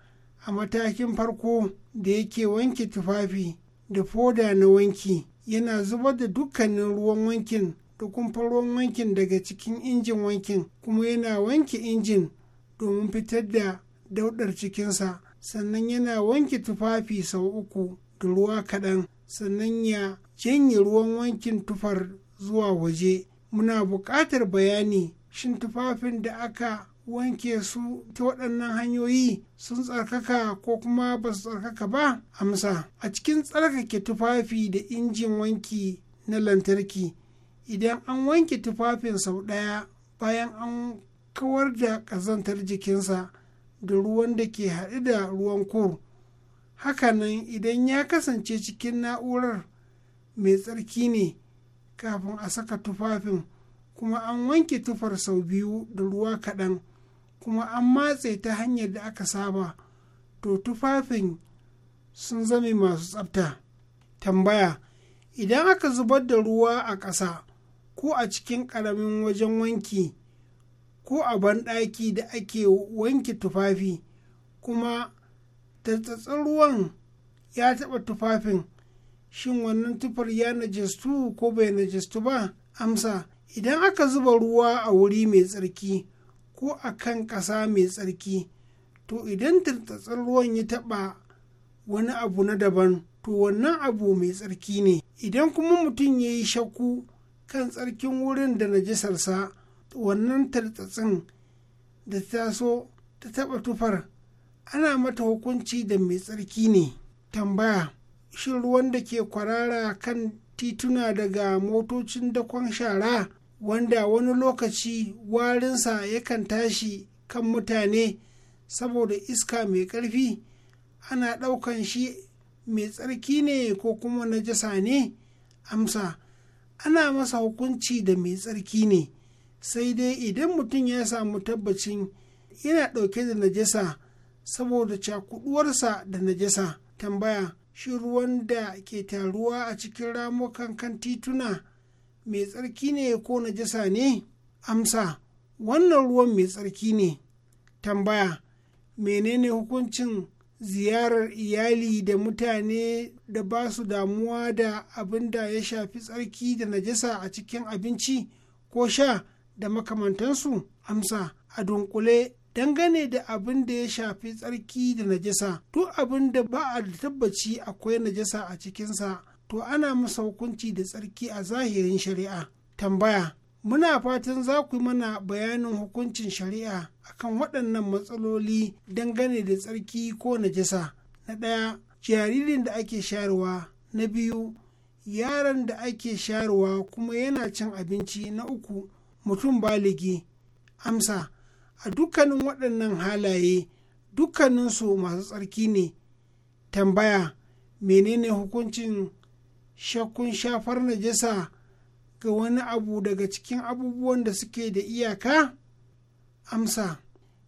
a matakin farko da yake wanke tufafi da foda na wanki yana zubar da dukkanin ruwan wankin da kumfa ruwan wankin daga cikin injin wankin kuma yana wanke injin domin fitar da daudar cikinsa sannan yana wanke tufafi sau uku da ruwa kaɗan sannan ya janye ruwan wankin tufar zuwa waje muna buƙatar bayani shin tufafin da aka wanke su ta waɗannan hanyoyi sun tsarkaka ko kuma ba su tsarkaka ba amsa a cikin tsarkake tufafi da injin wanki na lantarki idan an wanke tufafin sau ɗaya bayan an kawar da ƙazantar jikinsa da ruwan da ke haɗe da ruwan kur hakanan idan ya kasance cikin na'urar mai tsarki ne kafin a saka tufafin kuma an wanke tufar sau biyu da ruwa kaɗan kuma an matse ta hanyar da aka saba to tufafin sun zame masu tsafta tambaya idan aka zubar da ruwa a ƙasa ko a cikin ƙaramin wajen wanki ko a banɗaki da ake wanke tufafi kuma da ruwan ya taɓa tufafin shin wannan tufar ya najistu ko bai najistu ba amsa idan aka zuba ruwa a wuri mai tsarki ko a kan ƙasa mai tsarki to idan tattatsar ruwan ya taɓa wani abu na daban to wannan abu mai tsarki ne idan kuma mutum ya yi shakku kan tsarkin wurin da najisarsa wannan tartatsin da ta so ta taɓa tufar ana mata hukunci da mai tsarki ne tambaya shin ruwan da ke kwarara kan tituna daga motocin dakon shara wanda wani lokaci warinsa yakan tashi kan mutane saboda iska mai ƙarfi ana ɗaukan shi mai tsarki ne ko kuma najasa ne amsa ana masa hukunci da mai tsarki ne sai dai idan mutum ya samu tabbacin yana ɗauke da najasa saboda cakuduwarsa da najasa tambaya shi ruwan da ke taruwa a cikin ramukan kan tituna mai tsarki ne ko najasa ne amsa wannan ruwan mai tsarki ne tambaya menene hukuncin ziyarar iyali da mutane da ba su damuwa da abin da ya shafi tsarki da najasa a cikin abinci ko sha da makamantansu amsa a dunkule dangane da abin da ya shafi tsarki da najasa duk abin da ba a tabbaci akwai najasa a cikinsa to ana masa hukunci da tsarki a zahirin shari'a tambaya muna fatan za ku yi mana bayanin hukuncin shari'a akan waɗannan matsaloli dangane da tsarki ko najasa na ɗaya jaririn da ake shayarwa na biyu yaron da ake shayarwa kuma yana cin abinci na uku mutum baligi amsa a dukkanin waɗannan halaye dukkaninsu masu tsarki ne tambaya menene hukuncin shakkun shafar najasa ga wani abu daga cikin abubuwan da suke da iyaka amsa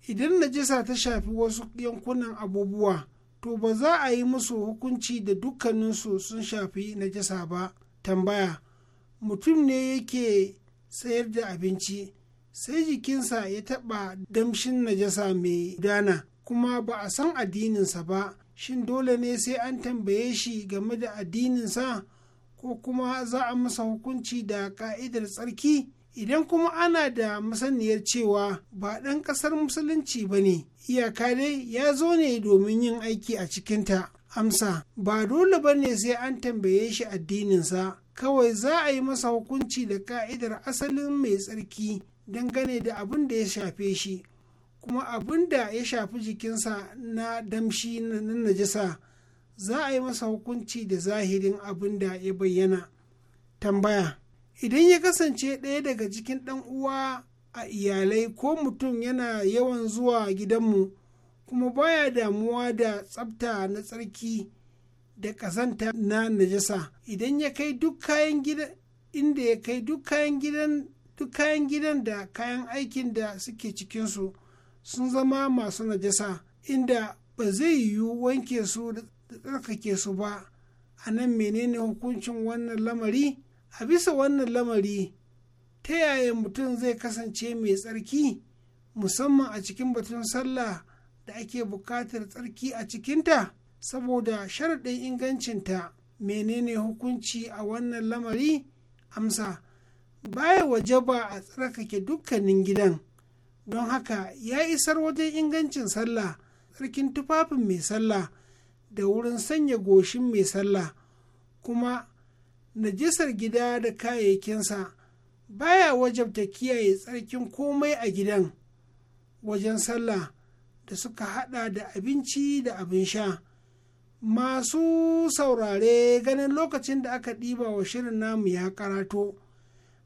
idan najasa ta shafi wasu yankunan abubuwa to ba za a yi musu hukunci da dukkaninsu sun shafi najasa ba tambaya mutum ne yake sayar da abinci sai jikinsa ya taɓa damshin najasa mai dana kuma ba a san addininsa ba shin dole ne sai an tambaye shi game da addininsa ko kuma za a masa hukunci da ka'idar tsarki idan kuma ana da masaniyar cewa ba ɗan ƙasar musulunci ba ne iyaka dai ya zo ne domin yin aiki a cikinta amsa ba dole ba ne sai an tambaye shi addininsa kawai za a yi masa hukunci da ka'idar asalin mai tsarki dangane da abin da ya shafe shi kuma abin da ya shafi jikinsa na damshi na najisa za a yi masa hukunci da zahirin abin da ya bayyana tambaya idan ya kasance ɗaya daga cikin ɗan uwa a iyalai ko mutum yana yawan zuwa gidanmu kuma baya damuwa da tsabta na tsarki da ƙazanta na najasa idan ya kai ya kai duk kayan gidan duk kayan gidan da kayan aikin da suke cikinsu sun zama masu najasa inda ba zai yiwu wanke su da tsarkake su ba a nan menene hukuncin wannan lamari a bisa wannan lamari ta yaya mutum zai kasance mai tsarki musamman a cikin batun sallah da ake buƙatar tsarki a cikinta saboda sharaɗin ingancinta menene hukunci a wannan lamari amsa baya waje ba a tsarkake dukkanin gidan don haka ya isar wajen ingancin sallah tsarkin tufafin mai sallah da wurin sanya goshin mai sallah kuma najisar gida da kayayyakinsa baya wajabta kiyaye tsarkin komai a gidan wajen sallah da suka hada da abinci da abin sha masu saurare ganin lokacin da aka ɗiba wa shirin namu ya karato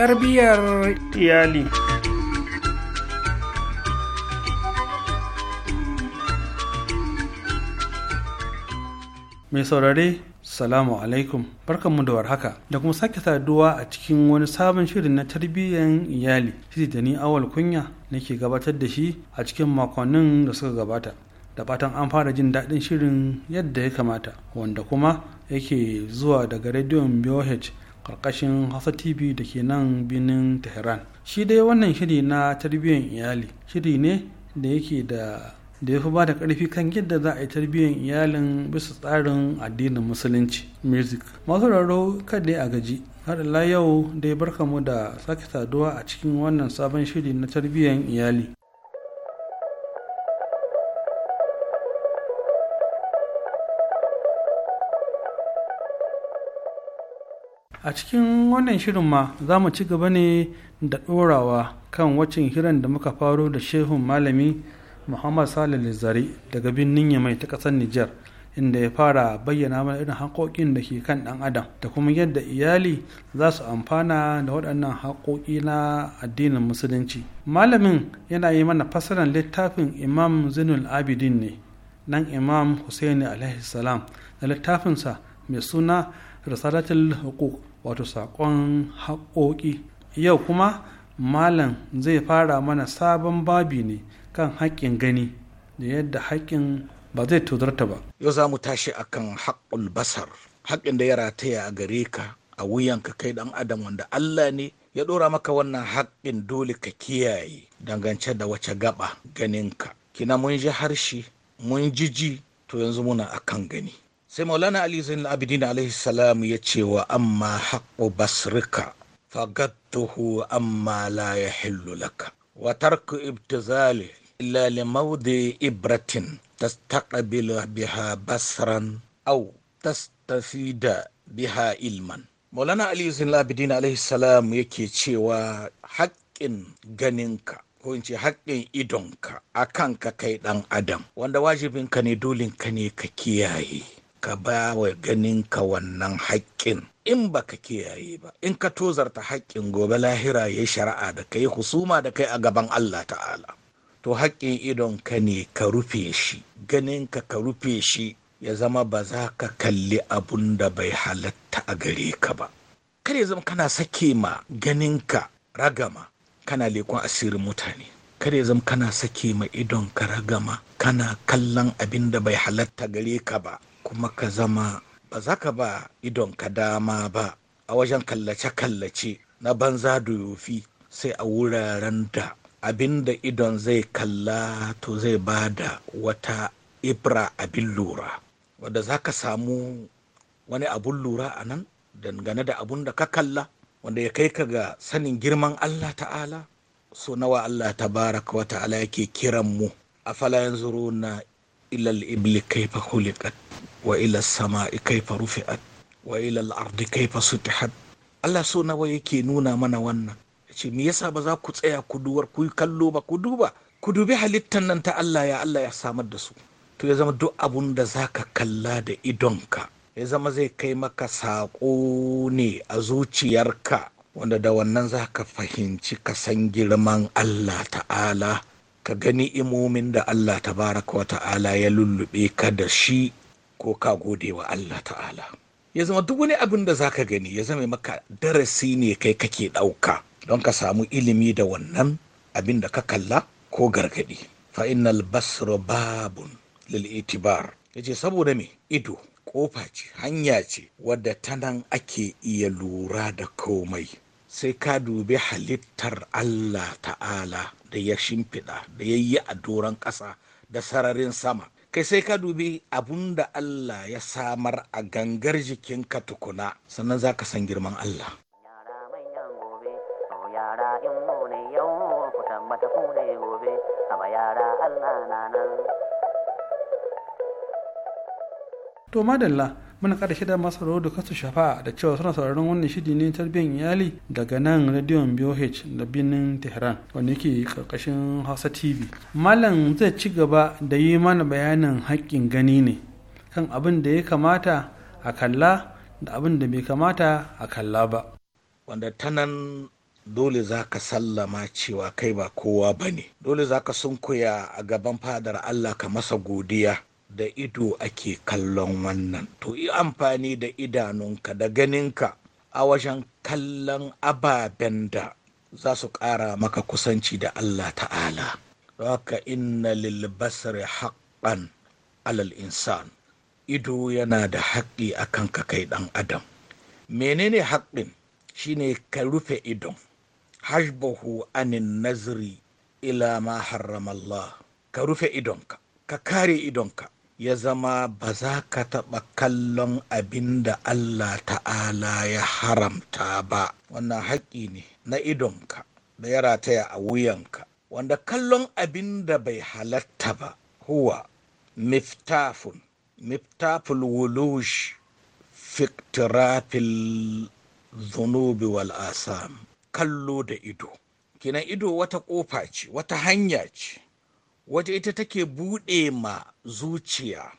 tarbiyyar iyali mai saurare salamu alaikum barkanmu da warhaka da kuma sake saduwa a cikin wani sabon shirin na tarbiyyar iyali shi da ni awal kunya nake gabatar da shi a cikin makonnin da suka gabata da fatan an fara jin daɗin shirin yadda ya kamata wanda kuma yake zuwa daga rediyon BOH karkashin Hausa TV da ke nan birnin Tehran. Shi dai wannan shiri na tarbiyyar iyali shiri ne da yake da da ya fi ba da ƙarfi kan yadda za a yi tarbiyyar iyalin bisa tsarin addinin musulunci music masu raro kada a gaji har yau dai barkamu da sake saduwa a cikin wannan sabon shiri na tarbiyyar iyali a cikin wannan shirin ma za mu ci gaba ne da ɗorawa kan waccan hiran da muka faro da shehun malami muhammad salih zari daga birnin yamai ta ƙasar nijar inda ya fara bayyana mana irin haƙoƙin da ke kan ɗan adam da kuma yadda iyali za su amfana da waɗannan haƙoƙi na addinin musulunci malamin yana yi mana fassarar littafin imam zinul abidin ne nan imam husaini alaihi salam da littafinsa mai suna risalatul hukuk wato saƙon haƙoƙi yau kuma malam zai fara mana sabon babi ne kan haƙƙin gani da yadda haƙƙin ba zai tozarta ba yau za mu tashi akan haƙƙul basar haƙƙin da ya rataya a gare ka a wuyanka kai ɗan adam wanda allah ne ya ɗora maka wannan haƙƙin dole ka kiyaye dangance da wace gaba ganinka kina mun ji harshe mun ji ji to yanzu muna akan gani sai maulana ali zainul abidin alaihi salam ya ce wa amma haƙo basrika fagadtuhu amma la yahillu laka wa tarku ibtizali illa li ibratin tastaqbilu biha basran aw da biha ilman maulana ali zainul abidin alaihi salam yake cewa haƙƙin ganinka ko in ce haƙƙin idonka a kanka kai ɗan adam wanda wajibinka ne dolinka ne ka kiyaye ka ba wa ganinka wannan haƙƙin in ba ka kiyaye ba in ka tozarta haƙƙin gobe lahira ya shari'a da kai husuma da kai a gaban Allah ta'ala to haƙƙin idon ka ne ka rufe shi ganinka ka rufe shi ya zama ba za ka kalli abun da bai halatta a gare ka ba kar ya zama kana sake ma ganinka ragama kana lekon asirin mutane kar ya zama kana sake ma idon ka ragama kana kallon abin da bai halatta gare ka ba kuma ka zama ba za ka ba idon ka dama ba a wajen kallace-kallace na banza da yofi sai a wuraren da abin da idon zai kalla to zai ba da wata ibra abin lura wadda za ka samu wani abun lura a nan dangane da abun da ka kalla wanda ya kai ka ga sanin girman Allah ta'ala so nawa Allah ta baraka wata ala yake kiran mu a yanzuru na ila al-ibli kaifa khuliqat wa ila as-sama'i kaifa rufi'at wa ardi kaifa sutihat Allah so nawa yake nuna mana wannan ce me yasa ba za ku tsaya ku duwar ku kallo ba ku duba ku dubi halittan nan ta Allah ya Allah ya samar da su to ya zama duk abun da zaka kalla da idonka ya zama zai kai maka saƙo ne a zuciyarka wanda da wannan za ka fahimci ka san girman Allah ta'ala ka gani imomin da Allah baraka wa ta'ala ya lullube ka da shi ko ka gode wa Allah ta'ala ya zama duk wani abin da zaka gani ya zama maka darasi ne kai kake ɗauka don ka samu ilimi da wannan abin da ka kalla ko gargadi fa innal basra babun lil itibar yace saboda me ido ƙofa ce hanya ce wadda ta ake iya lura da komai sai ka dubi halittar Allah ta'ala da ya shimfiɗa da ya yi a doron ƙasa da sararin sama kai sai ka dubi abun da Allah ya samar a gangar jikin ka tukuna sannan za ka san girman Allah yara in yau gobe yara to madalla muna kada shida masu rawar da kasu shafa da cewa suna sauraron wannan shiri ne tarbiyyar iyali daga nan rediyon BOH da birnin Tehran wanda yake karkashin Hausa TV. Malam zai ci gaba da yi mana bayanin haƙƙin gani ne kan abin da ya kamata a kalla da abin da bai kamata a kalla ba. Wanda tanan dole za ka sallama cewa kai ba kowa ba ne dole za ka sunkuya a gaban fadar Allah ka masa godiya da ido ake kallon wannan to yi amfani da idanunka da ganinka a wajen kallon ababen da za su ƙara maka kusanci da Allah ta'ala haka inna lil basari haqqan alal insan ido yana da haƙƙi a ka kai ɗan adam menene haƙƙin shine ka rufe idon hashbahu anin nazri ila ma Allah ka rufe idonka ka kare idonka ya zama ba za ka taɓa kallon abin da Allah ta'ala ya haramta ba wannan haƙƙi ne na idonka da ya rataya a wuyanka wanda kallon abin da bai halatta ba huwa miftafun miftaful wulush fiktirafil zunubi wal asam kallo da ido kinan ido wata ƙofa ce wata hanya ce wata ita take buɗe ma zuciya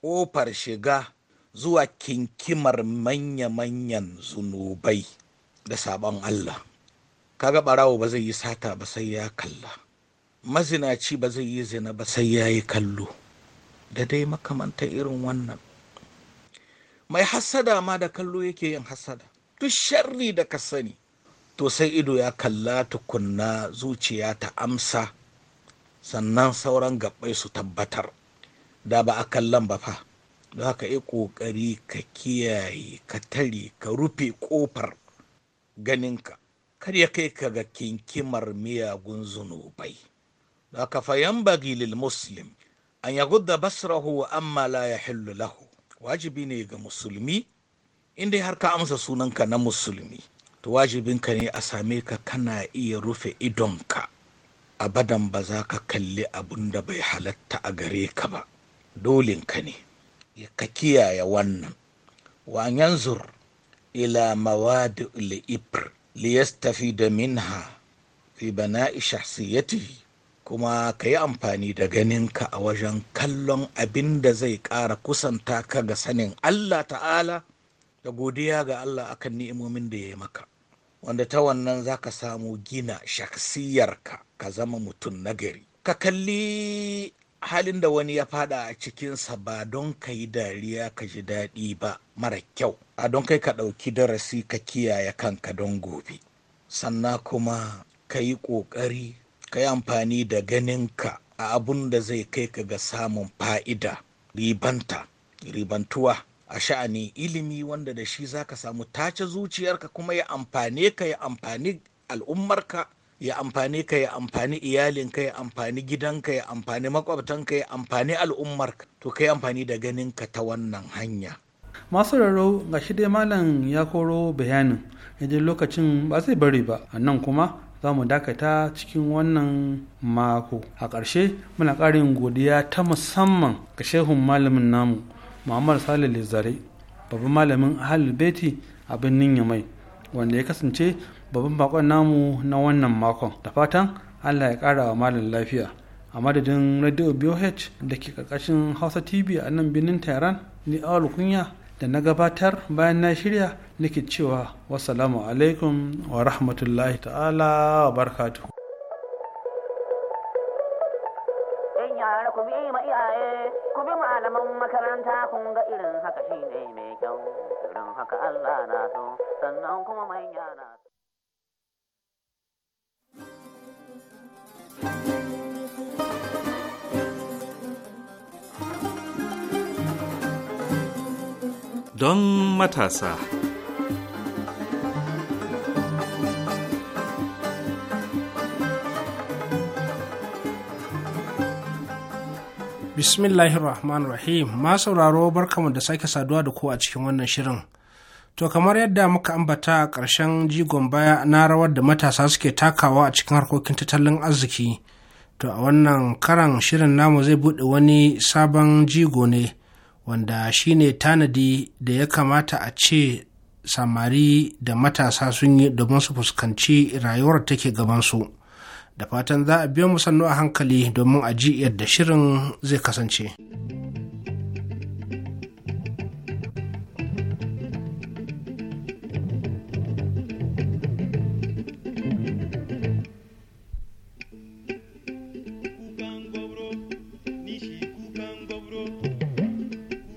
ƙofar shiga zuwa kinkimar manya-manyan zunubai da sabon Allah. Kaga ɓarawo ba zai yi sata ba sai ya kalla, mazinaci ba zai yi zina ba sai ya yi kallo, da dai makamanta irin wannan. Mai hassada ma da kallo yake yin hassada, duk sharri da ka sani, to sai ido ya kalla tukunna zuciya ta amsa. sannan sauran gabbai su tabbatar da ba a kallon ba fa don haka yi ƙoƙari ka kiyaye ka tare ka rufe ƙofar ganinka kar ya kai ka ga kinkimar miyagun zunubai don haka fayan bagi lil muslim an ya gudda basrahu wa amma la ya lahu wajibi ne ga musulmi inda har ka amsa sunanka na musulmi to wajibinka ne a same ka kana iya rufe idonka abadan ba za ka kalli abun da bai halatta a gare ka ba ka ne ka kiyaye wannan wa yanzur ila mawadi li'ibr liyastafi da minha fi bana'i shahsiyatihi kuma ka yi amfani da ganinka a wajen kallon abin da zai ƙara kusanta ka ga sanin Allah ta'ala da godiya ga Allah akan ni'imomin da ya yi maka wanda ta wannan za ka samu gina shaksiyarka ka zama mutum nagari ka kalli halin da wani ya fada a cikinsa ba don ka yi dariya ka ji daɗi ba mara kyau a don kai ka ɗauki darasi ka kiyaye kanka don gobe sannan kuma ka yi ƙoƙari ka yi amfani da ganinka a abun da zai kai ka ga samun fa'ida ribanta ribantuwa a sha'ani ilimi wanda da shi za ka samu tace zuciyarka kuma ya amfane ka ya amfani al'ummarka ya amfani ka ya amfani iyalinka ya amfani gidanka ya amfani makwabtanka ya amfani al'ummarka to kai amfani da ganinka ta wannan hanya masu raro ga shi dai malam ya koro bayanin idan lokacin ba zai bari ba a nan kuma za mu dakata cikin wannan mako a ƙarshe muna ƙarin godiya ta musamman ga shehun malamin namu muhammad salih lizare babban malamin ahalul beti a birnin yamai wanda ya kasance babban bakon namu na wannan makon da fatan allah ya kara wa malamin lafiya a madadin radio boh da ke karkashin hausa tv a nan birnin tehran ni awal kunya da na gabatar bayan na shirya nake cewa wasalamu alaikum wa rahmatullahi ta'ala wa barkatu. ta kun ga irin haka shi ne mai kyau irin haka Allah na so sannan kuma manya na Don matasa bismillahir rahmanir rahim ma sauraro barkamu da sake saduwa da ku a cikin wannan shirin to kamar yadda muka ambata a ƙarshen jigon baya na rawar da matasa suke takawa a cikin harkokin tattalin arziki to a wannan karan shirin namu zai buɗe wani sabon jigo ne wanda shine tanadi da ya kamata a ce samari da matasa sun yi domin su fuskanci rayuwar take gabansu. da fatan za a biyo mu sannu a hankali domin a ji yadda shirin zai kasance.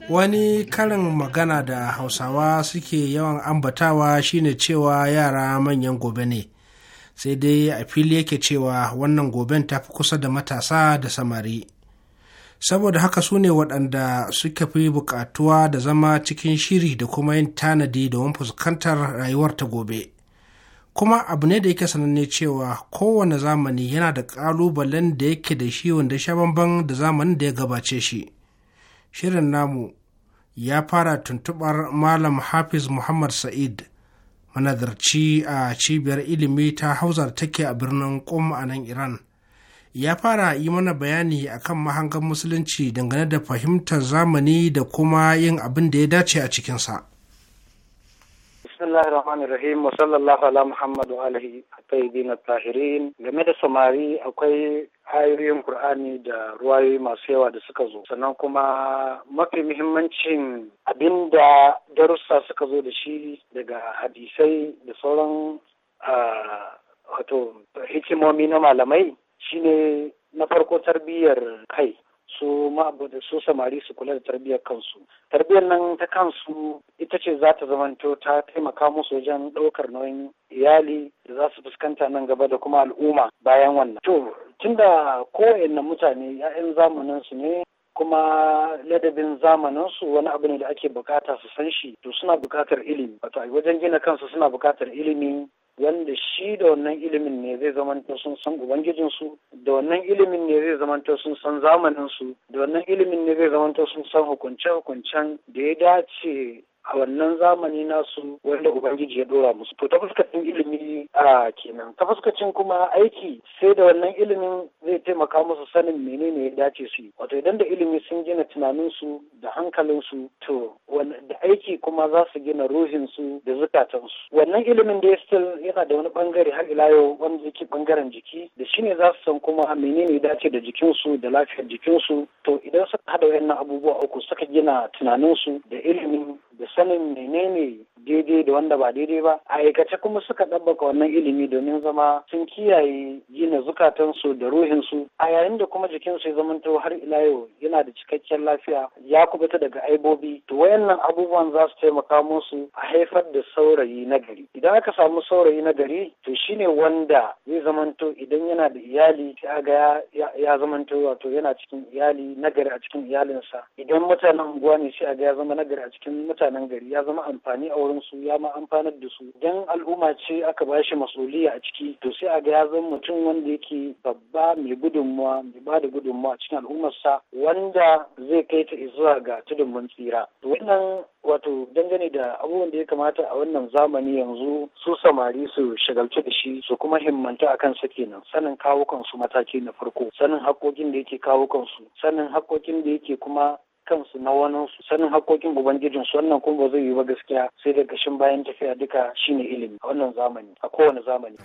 wani karin magana da hausawa suke yawan ambatawa shine cewa yara manyan gobe ne sai dai a fili yake cewa wannan goben ta fi kusa da matasa da samari saboda haka su ne waɗanda suka fi buƙatuwa da zama cikin shiri da kuma yin tanadi domin fuskantar rayuwar ta gobe kuma abu ne da yake sananne cewa kowane zamani yana da ƙalubalen da yake da shi wanda sha bamban da zamanin da ya gabace shi shirin namu ya fara tuntuɓar malam hafiz muhammad sa'id manazarci a cibiyar ilimi ta da take a birnin ƙum a nan iran ya fara yi mana bayani akan mahangar musulunci dangane da fahimtar zamani da kuma yin abin da ya dace a cikinsa. بسم الله الرحمن rahim وصلى الله ala Muhammad wa alihi at game da samari akwai ayoyin Kur'ani da ruwayoyi masu yawa da suka zo sannan kuma mafi muhimmancin abinda darussa suka zo da shi daga hadisai da sauran wato hikimomi na malamai shine na farko tarbiyyar kai su ma'abuda su samari su kula da tarbiyyar kansu tarbiyyar nan ta kansu ita ce za ta zamanto ta taimaka musu wajen ɗaukar nauyin iyali da za su fuskanta nan gaba da kuma al'umma bayan wannan to tunda kowanne mutane 'ya'yan zamanin su ne kuma ladabin zamaninsu wani abu ne da ake bukata su san shi to suna bukatar ilimi wato wajen gina kansu suna bukatar ilimi wanda shi da wannan ilimin ne zai zamanta sun san ubangijinsu da wannan ilimin ne zai zamanta sun san zamaninsu da wannan ilimin ne zai zamanta sun san hukunce-hukuncen da ya dace a wannan zamani nasu wanda ubangiji ya dora musu to ta fuskacin ilimi a kenan ta fuskacin kuma aiki sai da wannan ilimin zai taimaka musu sanin menene ya dace su yi wato idan da ilimi sun gina tunaninsu da hankalinsu to da aiki kuma za su gina ruhinsu da zukatansu wannan ilimin da ya still yana da wani bangare har ila yau wanda yake bangaren jiki da shine za su san kuma menene ya dace da jikinsu da lafiyar jikinsu to idan suka hada wayannan abubuwa uku suka gina tunaninsu da ilimin da sanin menene daidai da wanda ba daidai ba a aikace kuma suka ɗabbaka wannan ilimi domin zama sun kiyaye gina zukatansu da ruhinsu a yayin da kuma jikinsu ya zamanto har ila yau yana da cikakken lafiya ya kubuta daga aibobi to wayannan abubuwan za su taimaka musu a haifar da saurayi na gari idan aka samu saurayi na gari to shine wanda zai zamanto idan yana da iyali sai ga ya zamanto wato yana cikin iyali na gari a cikin iyalinsa idan mutanen unguwa ne sai ga ya zama na gari a cikin mutanen gari ya zama amfani a wurin su ya ma amfanar da su dan al'umma ce aka ba shi masuliya a ciki to sai a ga ya zama mutum wanda yake babba mai gudunmuwa mai ba da gudunmuwa a cikin al'ummarsa wanda zai kai ta zuwa ga tudun mun tsira wannan wato dangane da abubuwan da ya kamata a wannan zamani yanzu su samari su shagaltu da shi su kuma himmanta akan su kenan sanin kawukan su mataki na farko sanin hakokin da yake kawukan su sanin hakokin da yake kuma kansu na wani sanin haƙoƙin ubangijin su wannan kuma ba zai yi ba gaskiya sai da gashin bayan tafiya duka shine ilimi a wannan zamani a kowane zamani.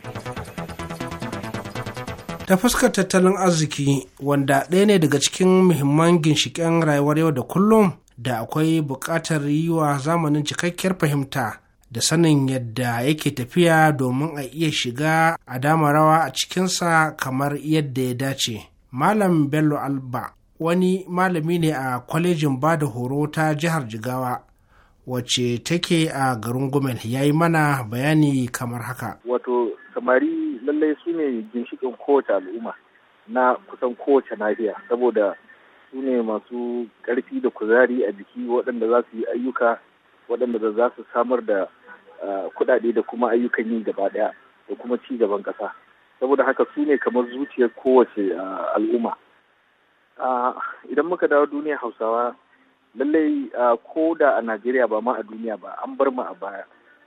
ta fuskar tattalin arziki wanda ɗaya ne daga cikin muhimman ginshiƙen rayuwar yau da kullum da akwai buƙatar yi wa zamanin cikakkiyar fahimta da sanin yadda yake tafiya domin a iya shiga a dama rawa a cikinsa kamar yadda ya dace. Malam Bello Alba wani malami ne a kwalejin bada horo ta jihar jigawa wacce take a garin gumel ya yi mana bayani kamar haka wato samari lallai su ne ginshikin kowace al'umma na kusan kowace nahiya saboda su ne masu ƙarfi da kuzari a jiki waɗanda za su yi ayyuka waɗanda za su samar da kuɗaɗe da kuma ayyukan yi gaba ɗaya da kuma ci gaban ƙasa saboda haka su ne kamar zuciyar kowace al'umma idan muka dawo duniya hausawa lallai ko da a najeriya ba ma a duniya ba an bar mu a baya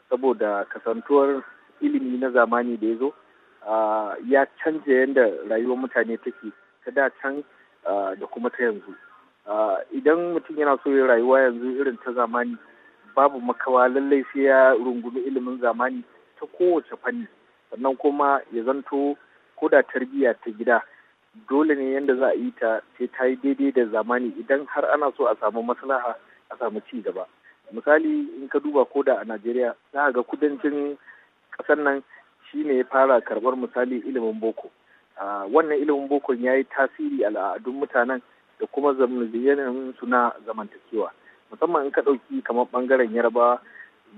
saboda kasantuwar ilimi na zamani da ya zo ya canza yadda rayuwar mutane take ta da can da kuma ta yanzu idan mutum yana so ya rayuwa yanzu irin ta zamani babu makawa lallai sai ya rungumi ilimin zamani ta kowace fanni sannan kuma ya zanto ko da tarbiyya ta gida dole ne yadda za a yi ta sai ta yi daidai da zamani idan har ana so a samu maslaha a samu ci gaba misali in ka duba da a najeriya za ga kudancin ƙasar nan shine ya fara karɓar misali ilimin boko wannan ilimin bokon ya yi tasiri al'adun mutanen da kuma zamanin su na zamantakewa musamman in ka ɗauki kamar ɓangaren yarbawa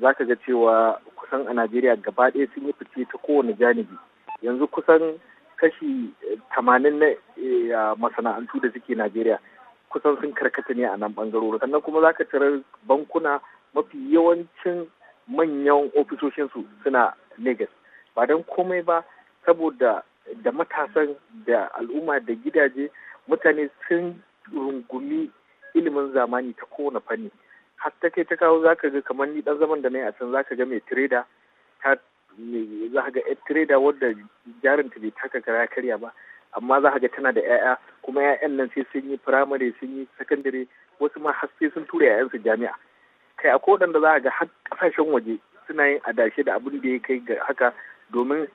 za ka ga cewa kusan a najeriya gaba ɗaya sun yi fice ta kowane janibi yanzu kusan kashi tamanin na eh, masana'antu da suke Najeriya kusan sun karkata ne a nan bangarorin sannan kuma za ka tarar bankuna mafi yawancin manyan ofisoshinsu suna Legas ba don komai ba saboda da matasan da al'umma da gidaje mutane sun rungumi ilimin zamani ta kowane fanni har ta kai ta kawo zaka ga kamar ni dan zaman da na yi a can za ka ga mai tireda ta za ka ga yar trader wadda jarinta bai taka kara karya ba amma za ga tana da 'ya'ya kuma 'ya'yan nan sai sun yi firamare sun yi sakandare wasu ma har sai sun tura 'ya'yansu jami'a kai akwai waɗanda za ga har ƙasashen waje suna yin adashe da abin da ya kai ga haka domin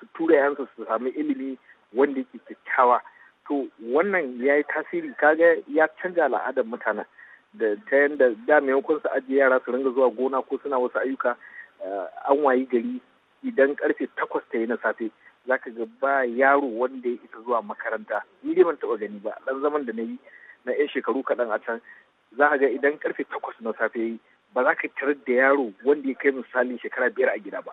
su tura 'ya'yansu su sami ilimi wanda yake kyakkyawa to wannan ya yi tasiri kaga ya canja al'adar mutanen da ta yadda da maimakon su ajiye yara su ringa zuwa gona ko suna wasu ayyuka Eh, an wayi gari idan karfe takwas ta yi na safe zaka ga ba yaro wanda ya isa zuwa makaranta ni dai ban taɓa gani ba ɗan zaman da na yi na yan shekaru kaɗan a can za ka ga idan karfe takwas na safe yi ba za ka tarar da yaro wanda ya kai misali shekara biyar a gida ba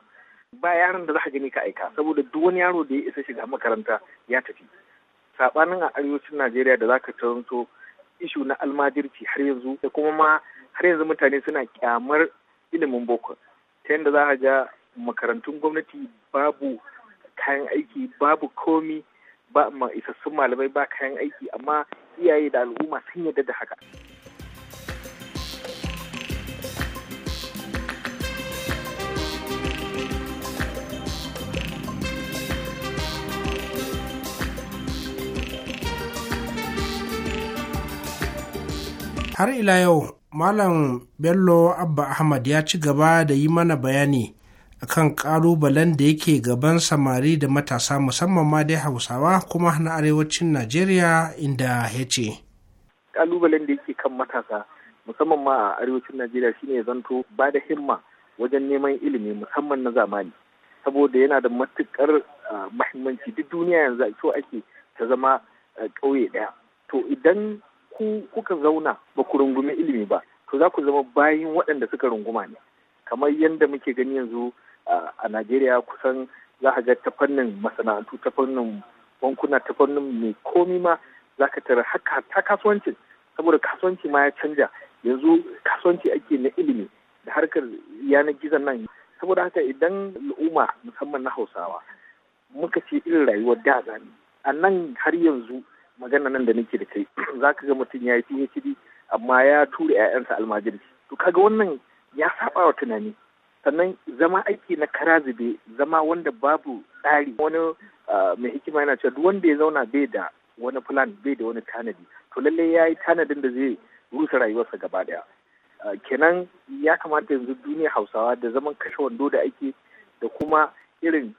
ba yaron da za ka gani ka aika saboda duk wani yaro da ya isa shiga makaranta ya tafi saɓanin a arewacin najeriya da za ka taranto ishu na almajirci har yanzu da kuma ma har yanzu mutane suna kyamar ilimin boko ta yadda za a ja makarantun gwamnati babu kayan aiki babu komi ba ma isassun malamai ba kayan aiki amma iyaye da al'umma sun yarda da haka har ila yau Malam Bello Abba Ahmad ya ci gaba da yi mana bayani akan ƙalubalen da yake gaban samari da matasa musamman ma dai Hausawa kuma na arewacin Najeriya inda ya ce. Ƙalubalen da yake kan matasa musamman ma a arewacin Najeriya shine zanto ba da himma wajen neman ilimi musamman na zamani saboda yana da matuƙar mahimmanci duk duniya yanzu a ake ta zama ƙauye ɗaya. To idan ku kuka zauna ba ku rungumi ilimi ba to za ku zama bayin waɗanda suka runguma ne kamar yadda muke gani yanzu a najeriya kusan za ka ga ta masana'antu ta fannin bankuna ta mai komi ma za ka tara haka ta kasuwanci. saboda kasuwanci ma ya canja yanzu kasuwanci ake na ilimi da harkar yanar gizon nan saboda haka idan al'umma musamman na hausawa muka ce irin rayuwar da a nan har yanzu magana nan da nake da kai za ka ga mutum ya yi PhD amma ya tura 'ya'yansa almajirci to kaga wannan ya saba wa tunani sannan zama aiki na kara zube zama wanda babu tsari wani mai hikima yana cewa duk wanda ya zauna bai da wani plan bai da wani tanadi to lallai ya yi tanadin da zai rusa rayuwarsa gaba daya kenan ya kamata yanzu duniya hausawa da zaman kashe wando da ake da kuma irin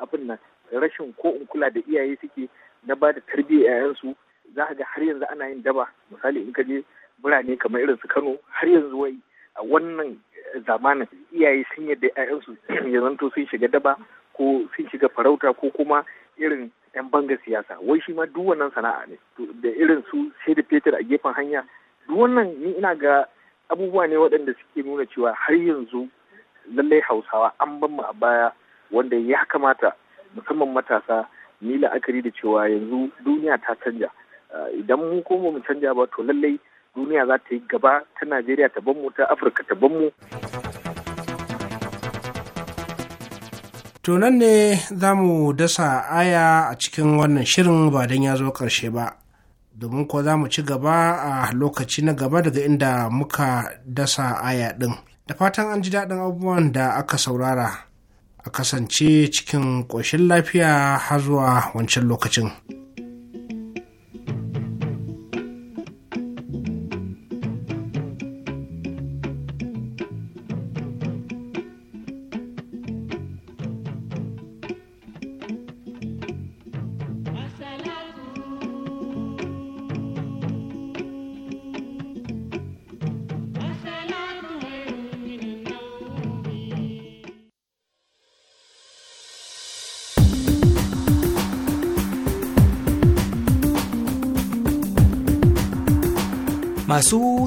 abin nan rashin ko in kula da iyaye suke na ba da tarbiyyar 'ya'yansu za ka ga har yanzu ana yin daba misali in ka je birane kamar irin su Kano har yanzu wai a wannan zamanin iyaye sun yadda 'ya'yansu ya zanto sun shiga daba ko sun shiga farauta ko kuma irin 'yan banga siyasa wai shi ma duk wannan sana'a ne da irin su sai da fetur a gefen hanya duk wannan ni ina ga abubuwa ne waɗanda suke nuna cewa har yanzu lallai hausawa an ban mu a baya wanda ya kamata musamman matasa ni la'akari da cewa yanzu duniya ta canja eh, idan mu ko mu canja ba to lallai duniya za ta yi gaba ta najeriya ta banmu ta afirka ta banmu to nan ne za mu dasa aya a cikin wannan shirin ba don ya zo karshe ba domin ko za mu ci gaba a lokaci na gaba daga inda muka dasa aya ɗin da fatan an ji daɗin abubuwan da aka saurara a kasance cikin ƙoshin lafiya har zuwa wancan lokacin.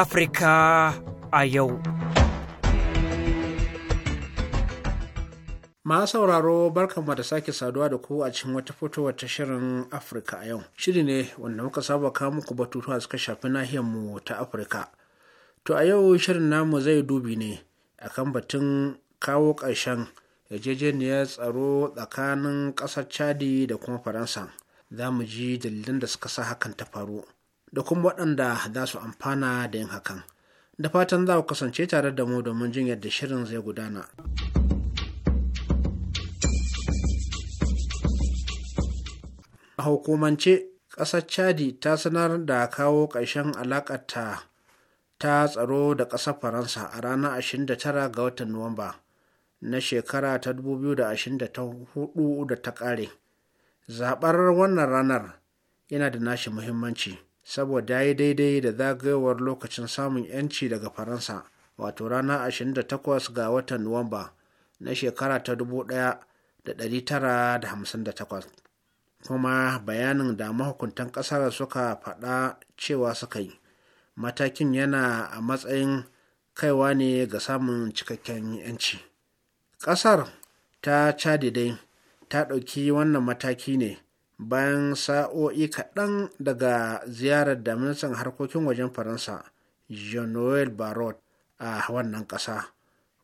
Afirka a yau. Ma sauraro barkanmu da sake saduwa da ku a cikin wata fitowar ta shirin Afirka a yau. Shiri ne wanda muka saba kawo muku batutuwa suka shafi nahiyar mu ta Afirka. To a yau shirin namu zai dubi ne a kan batun kawo ƙarshen yarjejeniyar tsaro tsakanin ƙasar Chadi da kuma Faransa. Za mu ji dalilan da suka sa hakan ta faru. da kuma waɗanda za su amfana da yin hakan da fatan za ku kasance tare da mu domin jin yadda shirin zai gudana. a hukumance ƙasar chadi ta sanar da kawo ƙarshen alaƙarta ta tsaro da ƙasar faransa a ranar 29 ga watan nuwamba na shekara ta 2024 da ta ƙare zaɓar wannan ranar yana da nashi muhimmanci saboda ya yi daidai da zagayowar lokacin samun 'yanci daga faransa wato rana 28 ga watan nuwamba na shekara ta 1958 kuma bayanin da mahukuntan ƙasar suka faɗa cewa suka yi matakin yana a matsayin kaiwa ne ga samun cikakken 'yanci ƙasar ta chadi dai ta ɗauki wannan mataki ne bayan sa'o'i kaɗan daga ziyarar da ministan harkokin wajen faransa jean-noel barot a wannan ƙasa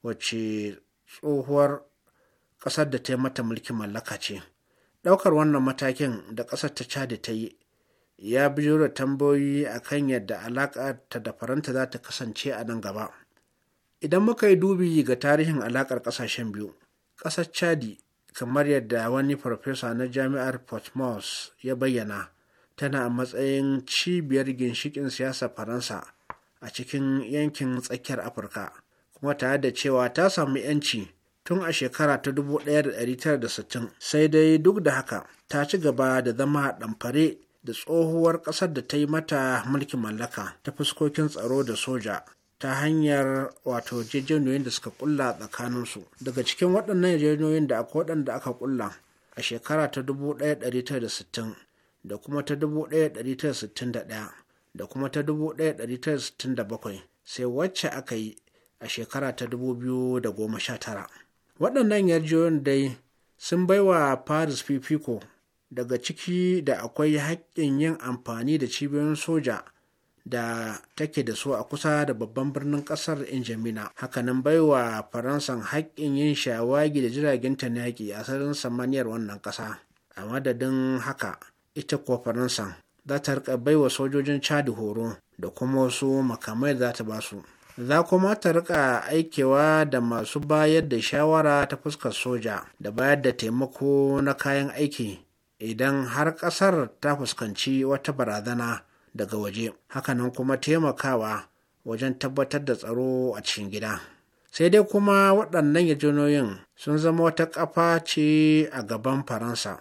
wacce tsohuwar ƙasar da ta yi mata mulkin mallaka ce ɗaukar wannan matakin da ƙasar ta cadi ta yi ya biyo da tambayoyi a kan yadda alaƙa ta da faranta za ta kasance a nan gaba idan muka yi dubi ga tarihin alaƙar ƙasashen biyu ƙasar chadi kamar yadda wani farfesa na jami'ar portsmouth ya bayyana tana a matsayin cibiyar ginshikin siyasar faransa a cikin yankin tsakiyar afirka kuma tare da cewa ta samu 'yanci tun a shekara ta 1960 sai dai duk da haka ta ci gaba da zama ɗamfare da tsohuwar ƙasar da ta yi mata mulkin mallaka ta fuskokin tsaro da soja ta hanyar wato jejjenoyin da suka kulla su. daga cikin waɗannan jejjenoyin da akwai waɗanda aka kulla a shekara ta 1960 da kuma ta 1961 da kuma ta 1967 sai wacce aka yi a shekara ta 2019 waɗannan yarjiyoyin dai sun baiwa paris fifiko daga ciki da akwai haƙƙin yin amfani da cibiyoyin soja da take da su a kusa da babban birnin kasar injamina hakanan baiwa faransan haƙƙin yin shawagi da jiragen ta yaƙi a sararin samaniyar wannan ƙasa a madadin haka ita kuwa faransan za ta riƙa baiwa sojojin chad horo da kuma wasu makamai za ta ba su za kuma ta riƙa aikewa da masu bayar da shawara ta fuskar soja da bayar da taimako na kayan aiki idan har ƙasar ta fuskanci wata barazana daga waje hakanan kuma taimakawa wajen tabbatar da tsaro a cikin gida sai dai kuma waɗannan yajinoyin sun zama wata ƙafa ce a gaban faransa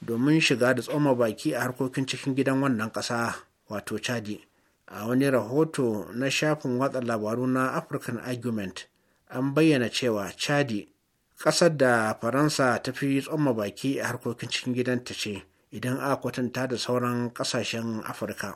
domin shiga da tsoma baki a harkokin cikin gidan wannan ƙasa wato chadi a wani rahoto na shafin watsa labaru na african argument an bayyana cewa chadi ƙasar da faransa ta fi tsoma baki a harkokin cikin gidanta ce idan a kwatanta da sauran ƙasashen afirka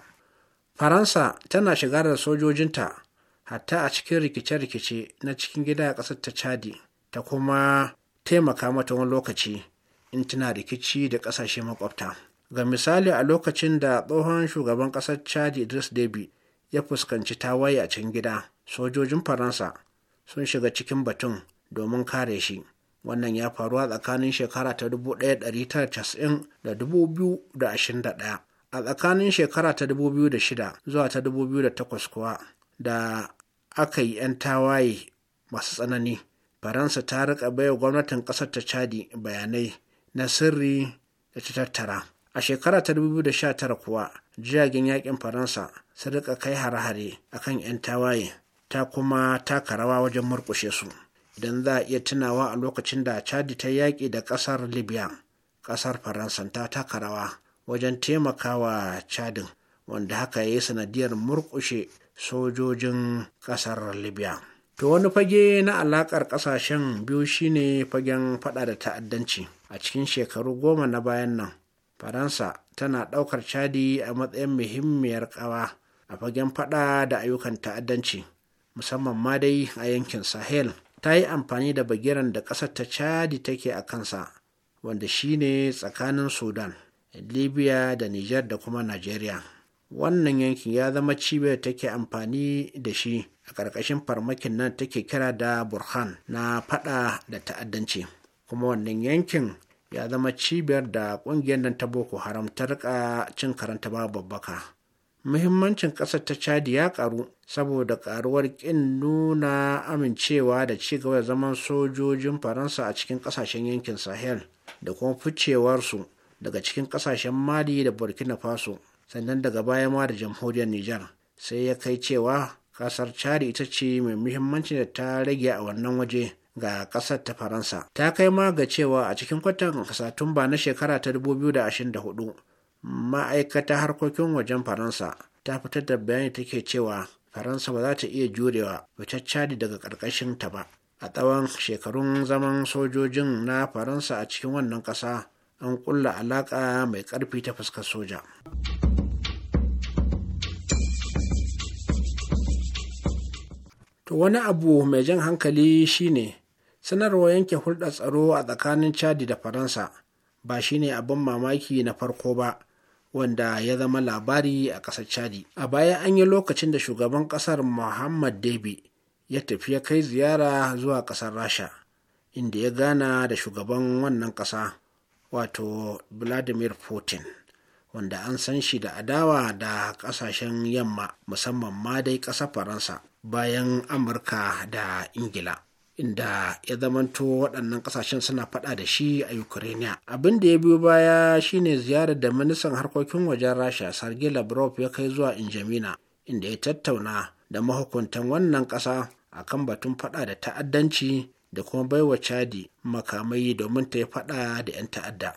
faransa tana shiga da sojojinta hatta a cikin rikice-rikice na cikin gida a ƙasar ta chadi ta kuma taimaka mata wani lokaci in tana rikici da ƙasashe makwabta ga misali a lokacin da tsohon shugaban ƙasar chadi idris deby ya fuskanci tawaye a cikin gida sojojin faransa sun shiga cikin batun domin kare shi wannan ya faru a tsakanin shekara ta 1990 da 2021 a tsakanin shekara ta 2006 zuwa ta 2008 kuwa da aka yi 'yan tawaye masu tsanani faransa ta rika baiwa gwamnatin ƙasar ta chadi bayanai na sirri da ta tattara a shekara ta 2019 kuwa jiragen yakin faransa sun rika kai hare-hare akan 'yan tawaye ta kuma taka rawa wajen murkushe su idan za a iya tunawa a lokacin da chadi ta yaƙi da ƙasar libya ƙasar faransa ta taka rawa wajen taimakawa chadin wanda haka ya yi sanadiyar murƙushe sojojin ƙasar libya to wani fage na alaƙar ƙasashen biyu shine fagen faɗa da ta'addanci a cikin shekaru goma na bayan nan faransa tana ɗaukar chadi a matsayin muhimmiyar ƙawa a fagen faɗa da ayyukan ta'addanci musamman ma dai a yankin sahel ta yi amfani da bagiran da ƙasar ta chadi take a kansa wanda shine tsakanin sudan libya da niger da kuma nigeria wannan yankin ya zama cibiyar take amfani da shi a ƙarƙashin farmakin nan take kira da burhan na fada da ta'addanci kuma wannan yankin ya zama cibiyar da ƙungiyar nan ta boko haram ta rika cin karanta babbaka muhimmancin ƙasar ta chadi ya ƙaru saboda ƙaruwar ƙin nuna amincewa da ci gaba da zaman sojojin faransa a cikin ƙasashen yankin sahel da kuma ficewarsu daga cikin ƙasashen mali da burkina faso sannan daga baya ma da jamhuriyar nijar sai ya kai cewa ƙasar chadi ita ce mai muhimmancin da ta rage a wannan waje ga ƙasar ta faransa ta kai ma ga cewa a cikin kwatan satumba na shekara ta 2024 ma'aikata harkokin wajen faransa ta fitar da bayani take cewa faransa ba za ta iya jurewa fitaccadi daga ƙarƙashin ta ba a tsawon shekarun zaman sojojin na faransa a cikin wannan ƙasa an ƙulla alaƙa mai ƙarfi ta fuskar soja. To wani abu mai jan hankali shine sanarwa yanke hulɗar tsaro a tsakanin Chadi da Faransa ba shine abin mamaki na farko ba wanda ya zama labari a ƙasar chadi a baya an yi lokacin da shugaban ƙasar muhammad debi ya tafi ya kai ziyara zuwa ƙasar rasha inda ya gana da shugaban wannan ƙasa wato vladimir putin wanda an san shi da adawa da ƙasashen yamma musamman ma dai ƙasar faransa bayan amurka da ingila inda ya zamanto waɗannan ƙasashen suna faɗa da shi a ukraine abin da ya biyo baya shine ziyarar da ministan harkokin wajen rasha sergei lavrov ya kai zuwa injamina inda ya tattauna da mahukuntan wannan ƙasa a kan batun faɗa da ta'addanci da kuma baiwa chadi makamai domin ta yi faɗa da 'yan ta'adda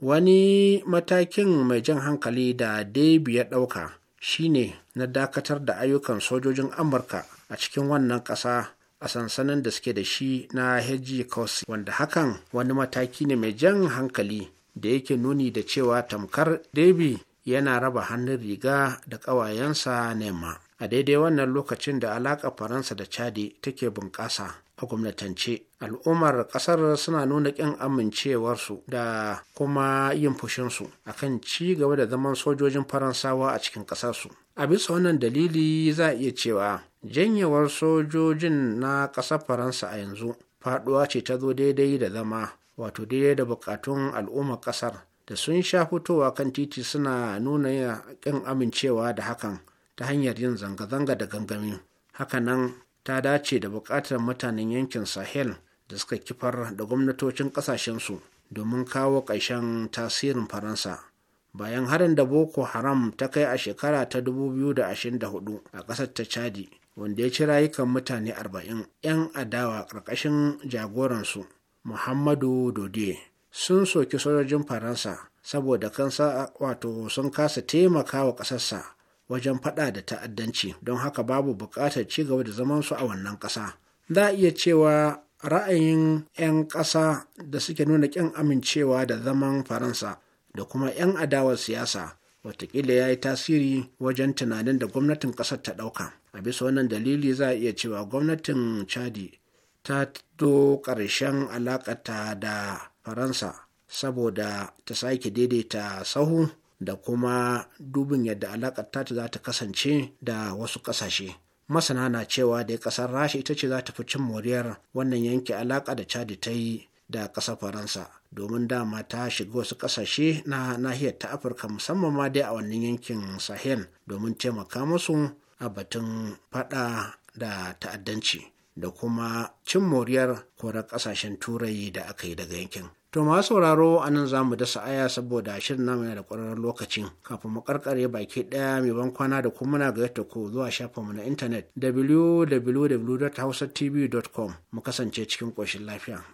wani matakin mai jan hankali da debi ya ɗauka shine na dakatar da ayyukan sojojin amurka a cikin wannan ƙasa a sansanin da suke da shi na heji kosi wanda hakan wani mataki ne mai jan hankali da yake nuni da cewa tamkar debi yana raba hannun riga da ƙawayensa nema a daidai wannan lokacin da alaƙa faransa da chadi take bunƙasa a gwamnatance al'ummar kasar suna nuna ƙin amincewarsu da kuma yin fushinsu akan ci gaba da zaman sojojin faransawa a cikin ƙasarsu a bisa wannan dalili za a iya cewa janyewar sojojin na ƙasar faransa a yanzu faɗuwa ce ta zo daidai da zama wato daidai da bukatun al'ummar ƙasar da sun sha fitowa kan titi suna nuna ƙin amincewa da hakan ta hanyar yin zanga-zanga da gangami hakanan ta dace da buƙatar mutanen yankin sahel da suka kifar da gwamnatocin ƙasashensu domin kawo ƙarshen tasirin faransa bayan harin da boko haram ta kai a shekara ta 2024 a ƙasar ta chadi wanda ya ci rayukan mutane 40 'yan adawa ƙarƙashin jagoransu muhammadu dode sun soki sojojin faransa saboda kansa wato sun kasa taimaka wa ƙasarsa wajen faɗa da ta'addanci don haka babu buƙatar ci gaba da zamansu a wannan ƙasa za a iya cewa ra'ayin 'yan ƙasa da suke nuna ƙin amincewa da zaman faransa da kuma 'yan adawar siyasa watakila ya yi tasiri wajen tunanin da gwamnatin ƙasar ta ɗauka a bisa wannan dalili za a iya cewa gwamnatin chadi ta zo ƙarshen alaƙata da faransa saboda ta sake daidaita sahu da kuma dubin yadda alaƙa ta za ta kasance da wasu ƙasashe. Masana na cewa da ƙasar Rasha ita ce za ta fi cin moriyar wannan yanke alaƙa da chadi ta yi da ƙasar Faransa domin dama ta shiga wasu ƙasashe na nahiyar ta Afirka musamman ma dai a wannan yankin Sahel domin taimaka musu a batun faɗa da ta'addanci da kuma cin moriyar korar ƙasashen turai da aka yi daga yankin. To ma sauraro a nan za mu dasa aya saboda shirin namu yana da ƙwararren lokacin kafin mu karkare baki ɗaya mai ban kwana da kuma muna gayyata ko zuwa shafin mu na intanet www.hausatv.com mu kasance cikin ƙoshin lafiya.